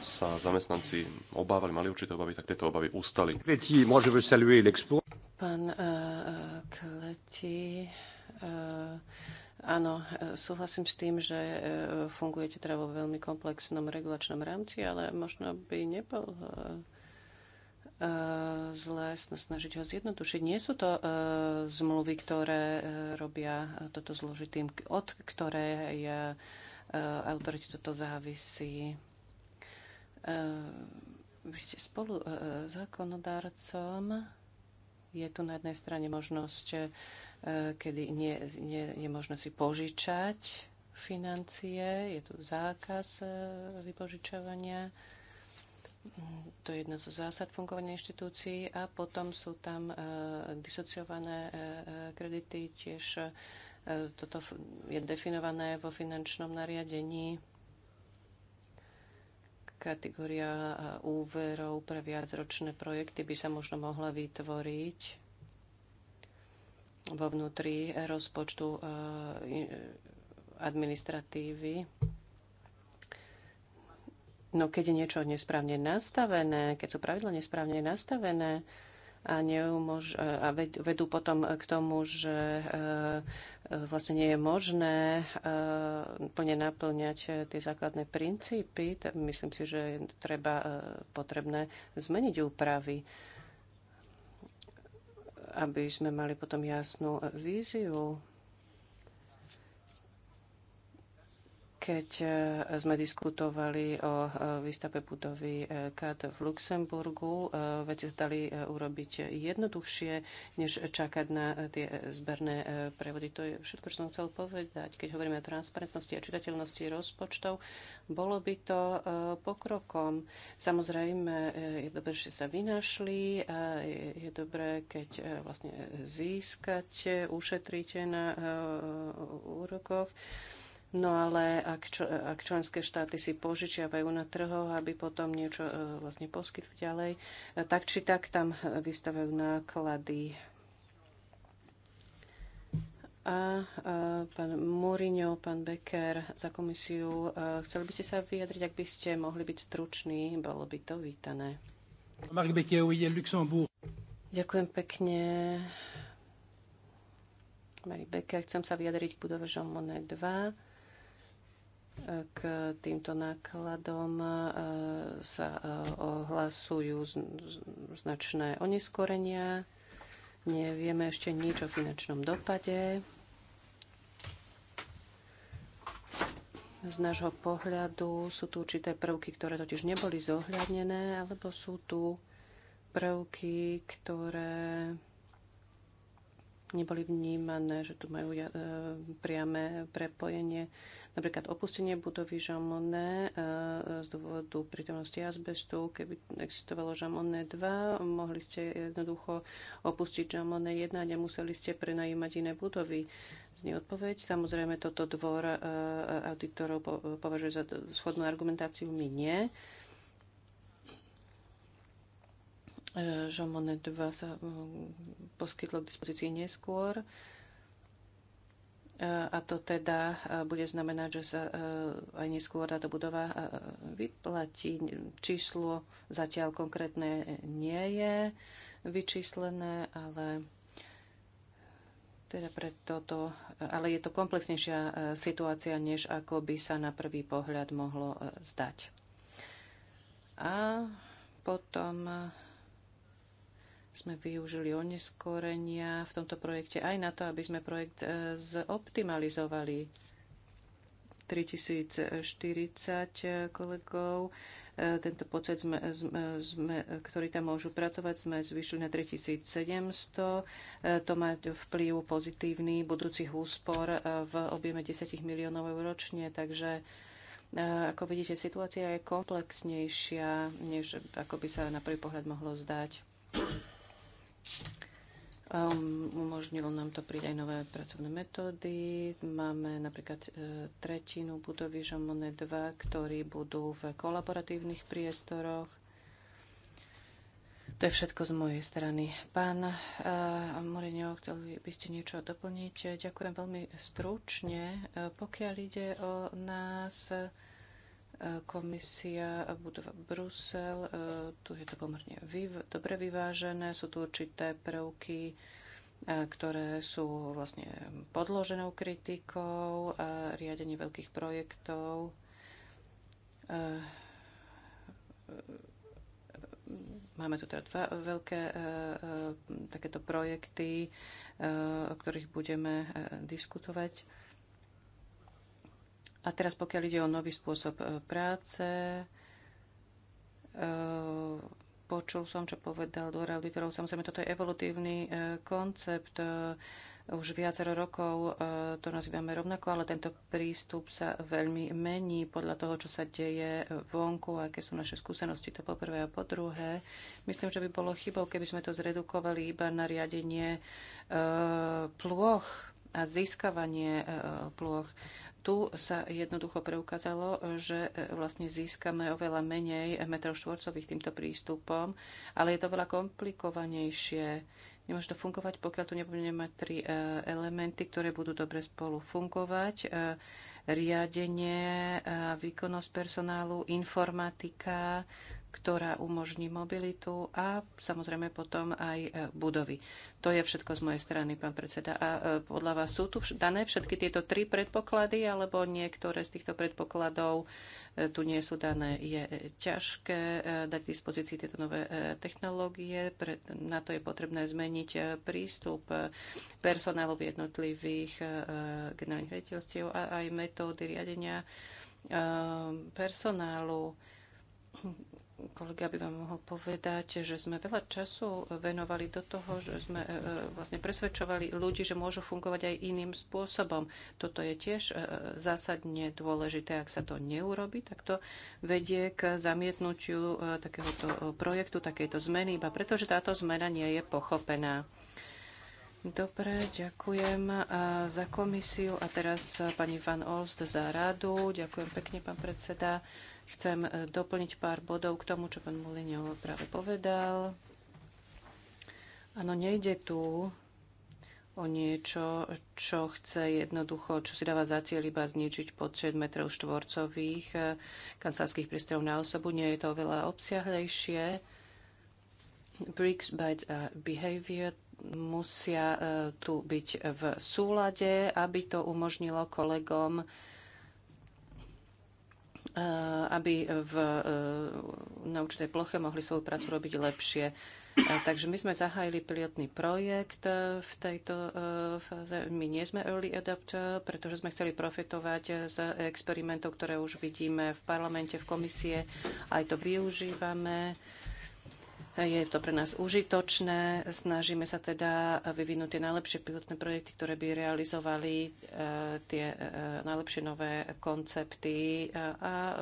sa zamestnanci obávali, mali určité obavy, tak tieto obavy ustali. Pán uh, Kleti, uh, Áno, e, súhlasím s tým, že e, fungujete teda vo veľmi komplexnom regulačnom rámci, ale možno by nebol e, zlé snažiť ho zjednodušiť. Nie sú to zmluvy, ktoré robia toto zložitým, od ktoré je autorite toto závisí. Vy ste spolu zákonodárcom. Je tu na jednej strane možnosť kedy nie, nie, je možné si požičať financie, je tu zákaz e, vypožičovania. To je jedna zo zásad fungovania inštitúcií a potom sú tam e, disociované e, kredity, tiež toto je definované vo finančnom nariadení kategória úverov pre viacročné projekty by sa možno mohla vytvoriť vo vnútri rozpočtu e, administratívy. No keď je niečo nesprávne nastavené, keď sú pravidla nesprávne nastavené a, neumož- e, a vedú potom k tomu, že e, vlastne nie je možné plne naplňať tie základné princípy, myslím si, že je treba potrebné zmeniť úpravy aby sme mali potom jasnú víziu keď e, sme diskutovali o e, výstave budovy e, KAT v Luxemburgu. Veci sa dali urobiť jednoduchšie, než čakať na tie zberné prevody. To je všetko, čo som chcel povedať. Keď hovoríme o transparentnosti a čitateľnosti rozpočtov, bolo by to pokrokom. Samozrejme, je dobré, že sa vynašli. A je dobré, keď vlastne získate, ušetríte na úrokoch. No ale ak, čo, ak členské štáty si požičiavajú na trhoch, aby potom niečo e, vlastne poskytli ďalej, e, tak či tak tam e, vystavajú náklady. A, e, pán Mourinho, pán Becker za komisiu, chceli by ste sa vyjadriť, ak by ste mohli byť struční, bolo by to vítané. Marc Becker, oui, Luxembourg. Ďakujem pekne. Mary Becker, chcem sa vyjadriť k budove Jean Monnet 2. K týmto nákladom e, sa e, ohlasujú značné oneskorenia. Nevieme ešte nič o finančnom dopade. Z nášho pohľadu sú tu určité prvky, ktoré totiž neboli zohľadnené, alebo sú tu prvky, ktoré neboli vnímané, že tu majú e, priame prepojenie napríklad opustenie budovy žamonné e, e, z dôvodu prítomnosti azbestu. Keby existovalo žamonné 2, mohli ste jednoducho opustiť žamonné 1 a nemuseli ste prenajímať iné budovy. Zní odpoveď. Samozrejme, toto dvor e, auditorov považuje za schodnú argumentáciu. My nie. Žamone 2 sa poskytlo k dispozícii neskôr a to teda e, bude znamenať, že sa e, aj neskôr táto budova e, vyplatí. Číslo zatiaľ konkrétne nie je vyčíslené, ale teda pre toto, ale je to komplexnejšia situácia, než ako by sa na prvý pohľad mohlo zdať. A potom sme využili oneskorenia v tomto projekte aj na to, aby sme projekt e, zoptimalizovali. 3040 e, kolegov, e, tento počet, sme, sme, sme, ktorí tam môžu pracovať, sme zvyšili na 3700. To má vplyv pozitívny budúcich úspor v objeme 10 miliónov eur ročne, takže ako vidíte, situácia je komplexnejšia, než ako by sa na prvý pohľad mohlo zdať. Um, umožnilo nám to príť aj nové pracovné metódy. Máme napríklad e, tretinu budovy Žamone 2, ktorí budú v kolaboratívnych priestoroch. To je všetko z mojej strany. Pán e, Moreňo, chceli by ste niečo doplniť? Ďakujem veľmi stručne. E, pokiaľ ide o nás, E, komisia e, budova Brusel. E, tu je to pomerne vyv- dobre vyvážené. Sú tu určité prvky, ktoré sú vlastne podloženou kritikou a riadenie veľkých projektov. Máme tu teda dva veľké takéto projekty, o ktorých budeme diskutovať. A teraz pokiaľ ide o nový spôsob e, práce, e, počul som, čo povedal dvor auditorov. Samozrejme, toto je evolutívny e, koncept. Už viacero rokov to nazývame rovnako, ale tento prístup sa veľmi mení podľa toho, čo sa deje vonku, aké sú naše skúsenosti, to po prvé a po druhé. Myslím, že by bolo chybou, keby sme to zredukovali iba na riadenie plôch a získavanie plôch tu sa jednoducho preukázalo, že e, vlastne získame oveľa menej metrov štvorcových týmto prístupom, ale je to veľa komplikovanejšie. Nemôže to fungovať, pokiaľ tu nebudeme mať tri e, elementy, ktoré budú dobre spolu fungovať. E, riadenie, výkonnosť personálu, informatika, ktorá umožní mobilitu a samozrejme potom aj e, budovy. To je všetko z mojej strany, pán predseda. A e, podľa vás sú tu dané všetky tieto tri predpoklady, alebo niektoré z týchto predpokladov e, tu nie sú dané? Je ťažké dať k dispozícii tieto nové technológie, na to je potrebné zmeniť prístup personálu jednotlivých generálnych riaditeľstiev a aj metódy riadenia personálu kolega by vám mohol povedať, že sme veľa času venovali do toho, že sme e, e, vlastne presvedčovali ľudí, že môžu fungovať aj iným spôsobom. Toto je tiež e, zásadne dôležité. Ak sa to neurobi, tak to vedie k zamietnutiu takéhoto projektu, takejto zmeny, iba preto, že táto zmena nie je pochopená. Dobre, ďakujem za komisiu a teraz pani Van Olst za radu. Ďakujem pekne, pán predseda. Chcem e, doplniť pár bodov k tomu, čo pán Molinio práve povedal. Áno, nejde tu o niečo, čo chce jednoducho, čo si dáva za cieľ iba zničiť počet metrov štvorcových e, kancelárských prístrojov na osobu. Nie je to oveľa obsiahlejšie. Bricks by e, behavior musia tu byť v súlade, aby to umožnilo kolegom Eh, aby v, eh, na určitej ploche mohli svoju prácu robiť lepšie. Eh, takže my sme zahájili pilotný projekt v tejto fáze. My nie sme early adopter, pretože sme chceli profitovať z experimentov, ktoré už vidíme v parlamente, v komisie. Aj to využívame je to pre nás užitočné. Snažíme sa teda vyvinúť tie najlepšie pilotné projekty, ktoré by realizovali e, tie e, najlepšie nové koncepty e, a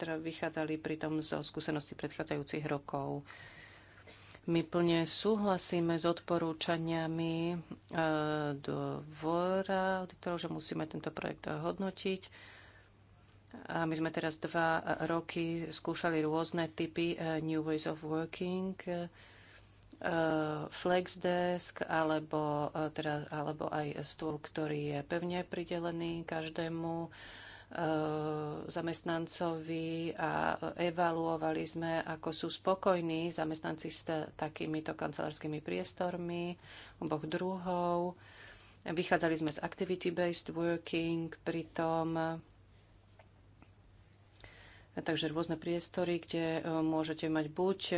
teda vychádzali pritom zo skúseností predchádzajúcich rokov. My plne súhlasíme s odporúčaniami dvora auditorov, že musíme tento projekt hodnotiť a my sme teraz dva roky skúšali rôzne typy e, New Ways of Working, e, desk, alebo, e, teda, alebo aj stôl, ktorý je pevne pridelený každému zamestnancovi a evaluovali sme, ako sú spokojní zamestnanci s takýmito kancelárskymi priestormi oboch druhov. Vychádzali sme z activity-based working, pritom Takže rôzne priestory, kde e, môžete mať buď e,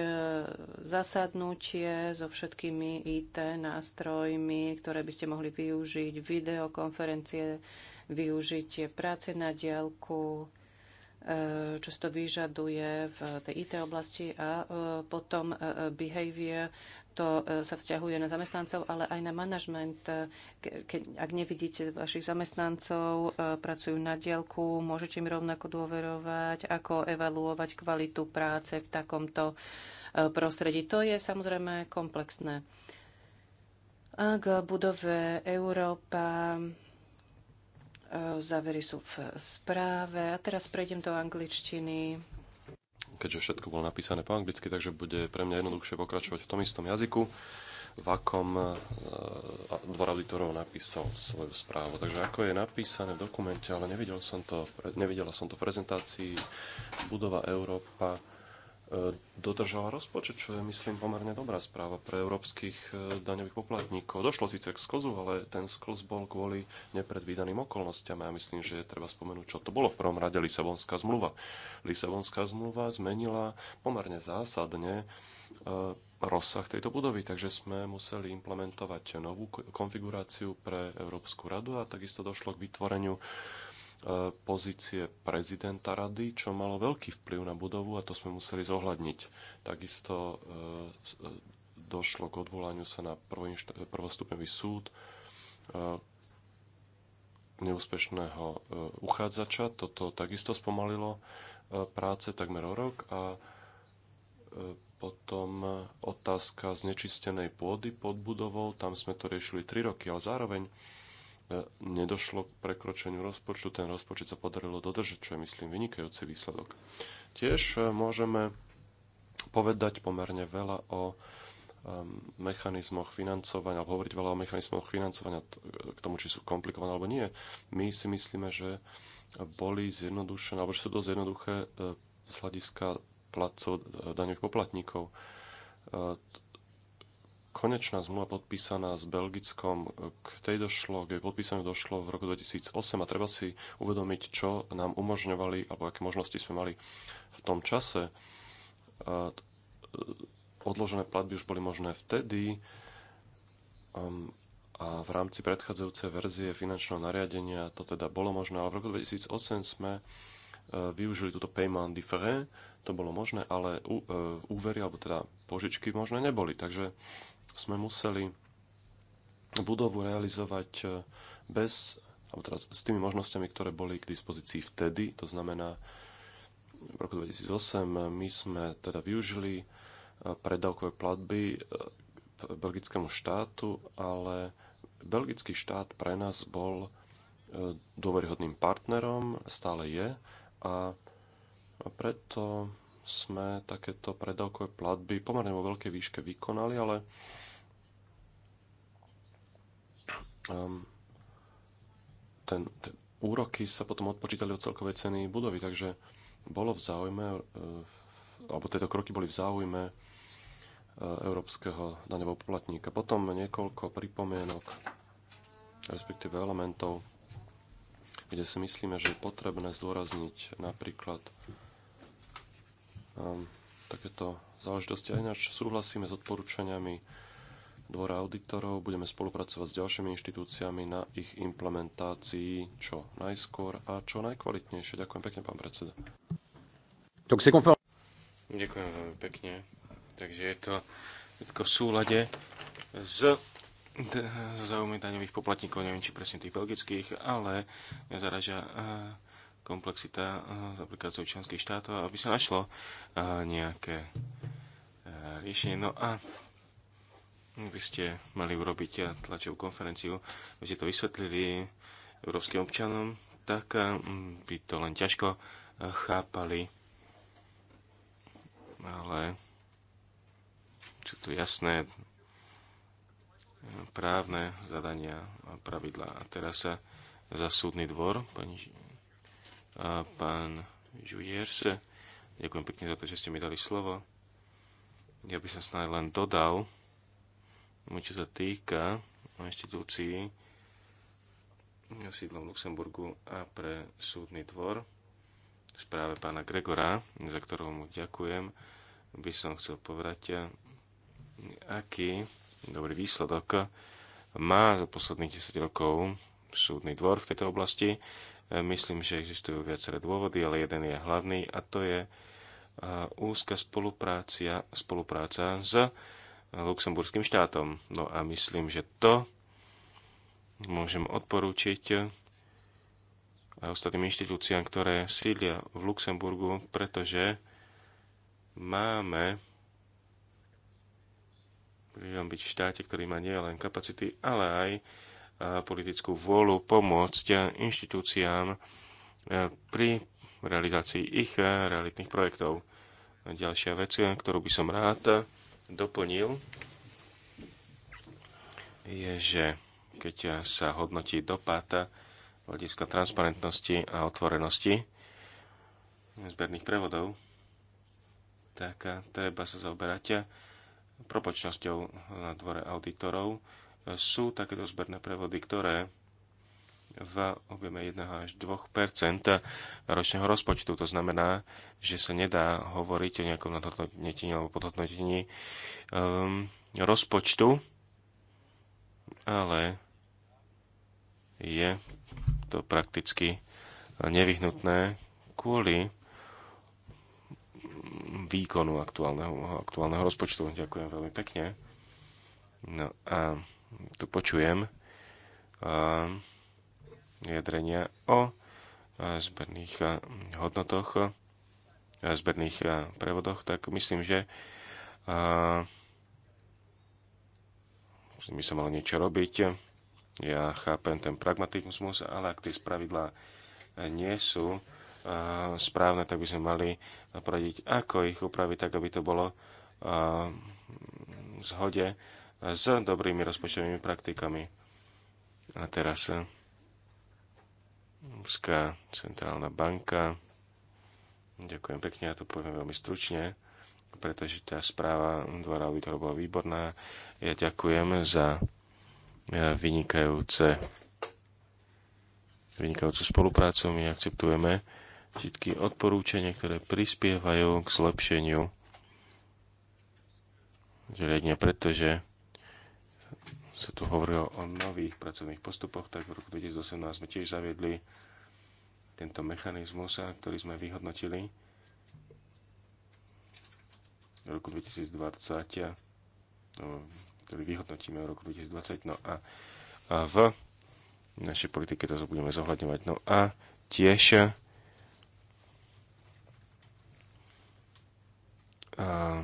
zasadnutie so všetkými IT nástrojmi, ktoré by ste mohli využiť, videokonferencie, využitie práce na diálku, Eh, čo si to vyžaduje v tej IT oblasti a eh, potom eh, behavior, to sa vzťahuje na zamestnancov, ale aj na manažment. Keď, ak nevidíte vašich zamestnancov, pracujú na dielku, môžete im rovnako dôverovať, ako evaluovať kvalitu práce v takomto prostredí. To je samozrejme komplexné. A k budove Európa Závery sú v správe. A teraz prejdem do angličtiny. Keďže všetko bolo napísané po anglicky, takže bude pre mňa jednoduchšie pokračovať v tom istom jazyku, v akom e, dvor auditorov napísal svoju správu. Takže ako je napísané v dokumente, ale nevidel som to, nevidela som to v prezentácii, budova Európa E, dodržala rozpočet, čo je, myslím, pomerne dobrá správa pre európskych e, daňových poplatníkov. Došlo síce k sklzu, ale ten sklz bol kvôli nepredvídaným okolnostiam a ja myslím, že je treba spomenúť, čo to bolo v prvom rade Lisabonská zmluva. Lisabonská zmluva zmenila pomerne zásadne e, rozsah tejto budovy, takže sme museli implementovať novú konfiguráciu pre Európsku radu a takisto došlo k vytvoreniu E, pozície prezidenta rady, čo malo veľký vplyv na budovu a to sme museli zohľadniť. Takisto e, e, došlo k odvolaniu sa na prvostupňový súd neúspešného uchádzača. Toto takisto spomalilo práce takmer o rok a potom otázka znečistenej pôdy pod budovou, tam sme to riešili 3 roky, ale zároveň E, nedošlo k prekročeniu rozpočtu. Ten rozpočet sa podarilo dodržať, čo je, myslím, vynikajúci výsledok. Tiež e, môžeme povedať pomerne veľa o mechanizmoch financovania, alebo hovoriť veľa o mechanizmoch financovania e, k tomu, či sú komplikované alebo nie. My si myslíme, že boli zjednodušené, alebo že sú dosť jednoduché z hľadiska placov daňových poplatníkov konečná zmluva podpísaná s Belgickom, e, k tej došlo, k jej podpísaniu došlo v roku 2008 a treba si uvedomiť, čo nám umožňovali, alebo aké možnosti sme mali v tom čase. E, e, odložené platby už boli možné vtedy um, a v rámci predchádzajúcej verzie finančného nariadenia to teda bolo možné, ale v roku 2008 sme využili túto payment differé, to bolo možné, ale úvery, alebo teda požičky možné neboli. Takže sme museli budovu realizovať e, bez, alebo teraz s tými možnosťami, ktoré boli k dispozícii vtedy, to znamená v roku 2008 e, my sme teda využili e, predávkové platby belgickému štátu, ale belgický štát pre nás bol dôveryhodným partnerom, stále je a preto sme takéto predávkové platby pomerne vo veľkej výške vykonali, ale um, ten, ten, úroky sa potom odpočítali od celkovej ceny budovy, takže bolo v záujme, e, alebo tieto kroky boli v záujme e, európskeho daňového poplatníka. Potom niekoľko pripomienok, respektíve elementov, kde si myslíme, že je potrebné zdôrazniť napríklad Ehm, takéto záležitosti. A ináč súhlasíme s odporúčaniami Dvora auditorov, budeme spolupracovať s ďalšími inštitúciami na ich implementácii čo najskôr a čo najkvalitnejšie. Ďakujem pekne, pán predseda. Ďakujem veľmi pekne. Takže je to všetko v súlade s záujmy daňových poplatníkov, neviem či presne tých belgických, ale zaraža eh, komplexita eh, s aplikáciou členských štátov, aby sa našlo eh, nejaké eh, riešenie. No a vy ste mali urobiť tlačovú konferenciu, aby ste to vysvetlili európskym občanom, tak mm, by to len ťažko chápali. Ale sú tu jasné právne zadania a pravidlá. A teraz sa za súdny dvor, pani pán Žujers, Ďakujem pekne za to, že ste mi dali slovo. Ja by som snáď len dodal, no čo sa týka inštitúcií sídlom v Luxemburgu a pre súdny dvor správe pána Gregora, za ktorého mu ďakujem, by som chcel povedať, aký dobrý výsledok má za posledných 10 rokov súdny dvor v tejto oblasti. E, myslím, že existujú viaceré dôvody, ale jeden je hlavný a to je e, úzka spolupráca, spolupráca s luxemburským štátom. No a myslím, že to môžem odporúčiť aj ostatným inštitúciám, ktoré sídlia v Luxemburgu, pretože máme budem byť v štáte, ktorý má nie len kapacity, ale aj politickú vôľu pomôcť inštitúciám e, pri realizácii ich e, realitných projektov. ďalšia vec, e, ktorú by som rád doplnil, je, že keď sa hodnotí dopad hľadiska transparentnosti a otvorenosti zberných prevodov, tak treba sa zaoberať propočnosťou na dvore auditorov sú takéto zberné prevody, ktoré v objeme 1 až 2 ročného rozpočtu. To znamená, že sa nedá hovoriť o nejakom nadhodnotení alebo podhodnotení um, rozpočtu, ale je to prakticky nevyhnutné kvôli výkonu aktuálneho, aktuálneho rozpočtu. Ďakujem veľmi pekne. No a tu počujem jadrenia o zberných hodnotoch, zberných prevodoch, tak myslím, že by sa malo niečo robiť. Ja chápem ten pragmatizmus, ale ak tie spravidlá e, nie sú e, správne, tak by sme mali poradiť, ako ich upraviť tak, aby to bolo e, v zhode s dobrými rozpočtovými praktikami. A teraz eh, Ruská centrálna banka. Ďakujem pekne, ja to poviem veľmi stručne, pretože tá správa dvora auditorov bola výborná. Ja ďakujem za eh, vynikajúce vynikajúcu spoluprácu. My akceptujeme všetky odporúčania, ktoré prispievajú k zlepšeniu zriadenia, pretože sa tu hovorilo o nových pracovných postupoch, tak v roku 2018 sme tiež zaviedli tento mechanizmus, ktorý sme vyhodnotili v roku 2020, no, ktorý vyhodnotíme v roku 2020, no a, v našej politike to budeme zohľadňovať. No a tiež a,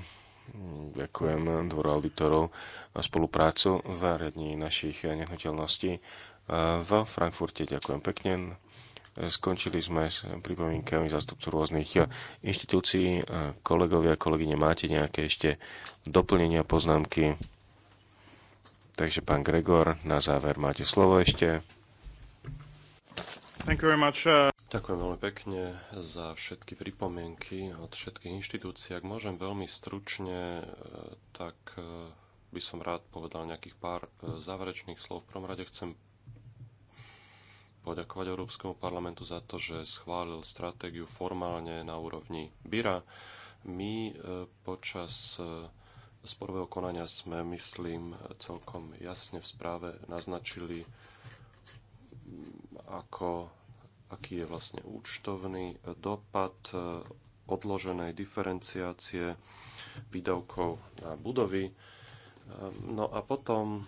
Ďakujem dvoru auditorov a spoluprácu v riadení našich nehnuteľností v Frankfurte. Ďakujem pekne. Skončili sme s pripomínkami zástupcov rôznych inštitúcií. Kolegovia, kolegyne, máte nejaké ešte doplnenia, poznámky? Takže pán Gregor, na záver máte slovo ešte. Thank you very much. Uh, Ďakujem veľmi pekne za všetky pripomienky od všetkých inštitúcií. Ak môžem veľmi stručne, e, tak e, by som rád povedal nejakých pár e, záverečných slov. V prvom rade chcem poďakovať Európskemu parlamentu za to, že schválil stratégiu formálne na úrovni BIRA. My počas sporového konania sme, myslím, celkom jasne v správe naznačili, ako aký je vlastne účtovný dopad e, odloženej diferenciácie výdavkov na budovy. E, no a potom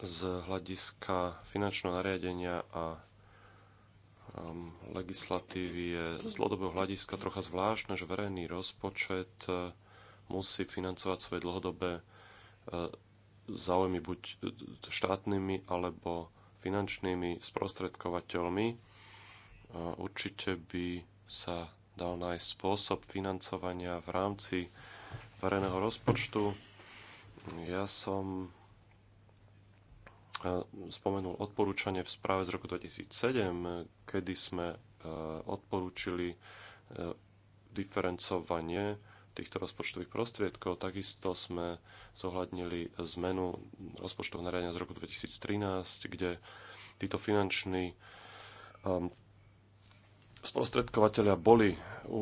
z hľadiska finančného nariadenia a legislatívy je z dlhodobého hľadiska trocha zvláštne, že verejný rozpočet e, musí financovať svoje dlhodobé záujmy buď štátnymi alebo finančnými sprostredkovateľmi. Určite by sa dal nájsť spôsob financovania v rámci verejného rozpočtu. Ja som spomenul odporúčanie v správe z roku 2007, kedy sme odporúčili e, diferencovanie týchto rozpočtových prostriedkov. Takisto sme zohľadnili zmenu rozpočtov nariadenia z roku 2013, kde títo finanční um, sprostredkovateľia boli, e,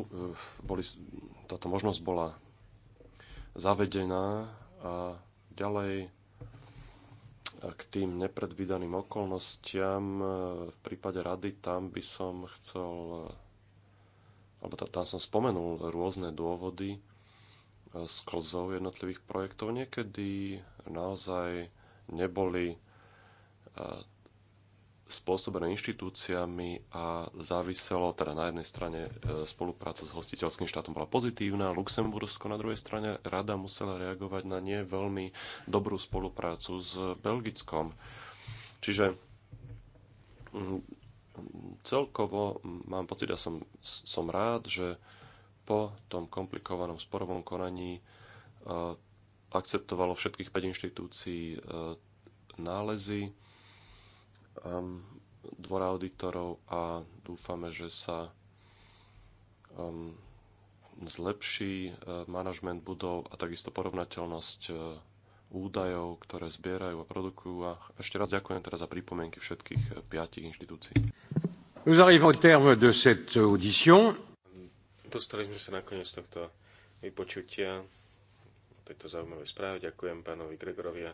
boli, táto možnosť bola zavedená a ďalej e, k tým nepredvídaným okolnostiam e, v prípade rady tam by som chcel alebo tam som spomenul rôzne dôvody e, sklzov jednotlivých projektov. Niekedy naozaj neboli e, spôsobené inštitúciami a záviselo, teda na jednej strane e, spolupráca s hostiteľským štátom bola pozitívna, Luxembursko na druhej strane rada musela reagovať na nie veľmi dobrú spoluprácu s Belgickom. Čiže celkovo mám pocit a ja som, som rád, že po tom komplikovanom sporovom konaní e, akceptovalo všetkých 5 inštitúcií e, nálezy um, dvora auditorov a dúfame, že sa um, zlepší e, manažment budov a takisto porovnateľnosť údajov, ktoré zbierajú a produkujú. A ešte raz ďakujem teraz za pripomienky všetkých eh, piatich inštitúcií. Nous arrivons au terme de cette audition. Dostali sme sa nakoniec tohto vypočutia, tejto zaujímavej správy. Ďakujem pánovi Gregorovi a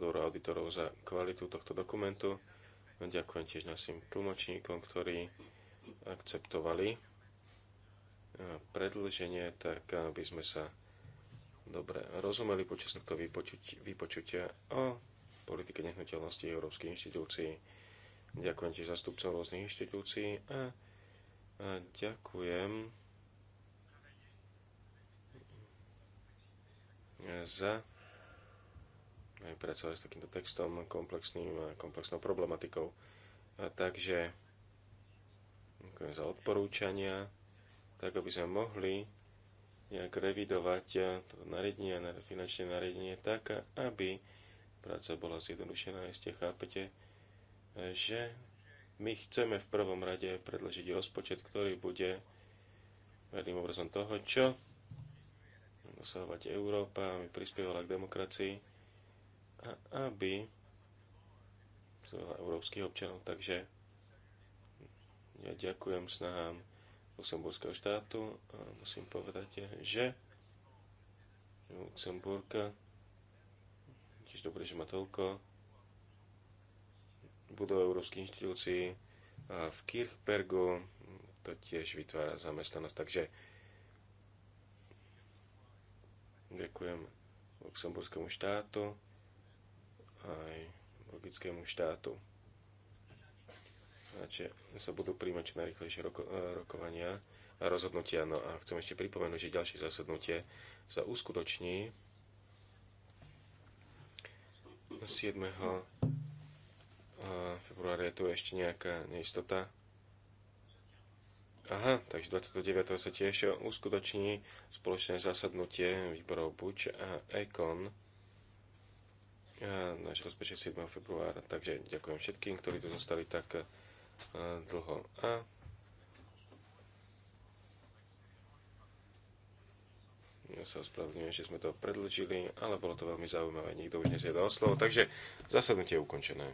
dvoru auditorov za kvalitu tohto dokumentu. Ďakujem tiež našim tlmočníkom, ktorí akceptovali eh, predlženie, tak aby sme sa dobre rozumeli počas tohto vypočutia o politike nehnuteľnosti Európskej inštitúcii. Ďakujem tiež zastupcom rôznych inštitúcií a, a ďakujem za aj predsa s takýmto textom komplexným a komplexnou problematikou. A takže ďakujem za odporúčania, tak aby sme mohli nejak revidovať to nariadenie a finančné nariadenie tak, aby práca bola zjednodušená. Ste chápete, že my chceme v prvom rade predložiť rozpočet, ktorý bude verným obrazom toho, čo dosahovať Európa, aby prispievala k demokracii a aby európskych občanov. Takže ja ďakujem snahám luxemburského štátu. A musím povedať, že Luxemburg tiež dobre, že má toľko budov európskych inštitúcií a v Kirchbergu to tiež vytvára zamestnanosť. Takže ďakujem luxemburskému štátu aj logickému štátu že sa budú príjmať čo najrychlejšie roko, e, rokovania a rozhodnutia. No a chcem ešte pripomenúť, že ďalšie zasadnutie sa uskutoční 7. E, februára je tu ešte nejaká neistota. Aha, takže 29. sa tiež uskutoční spoločné zasadnutie výborov Buč a Ekon e, náš rozpočet 7. februára. Takže ďakujem všetkým, ktorí tu zostali tak dlho A. Ja sa ospravedlňujem, že sme to predlžili, ale bolo to veľmi zaujímavé. Nikto už nezjedol slovo, takže zasadnutie je ukončené.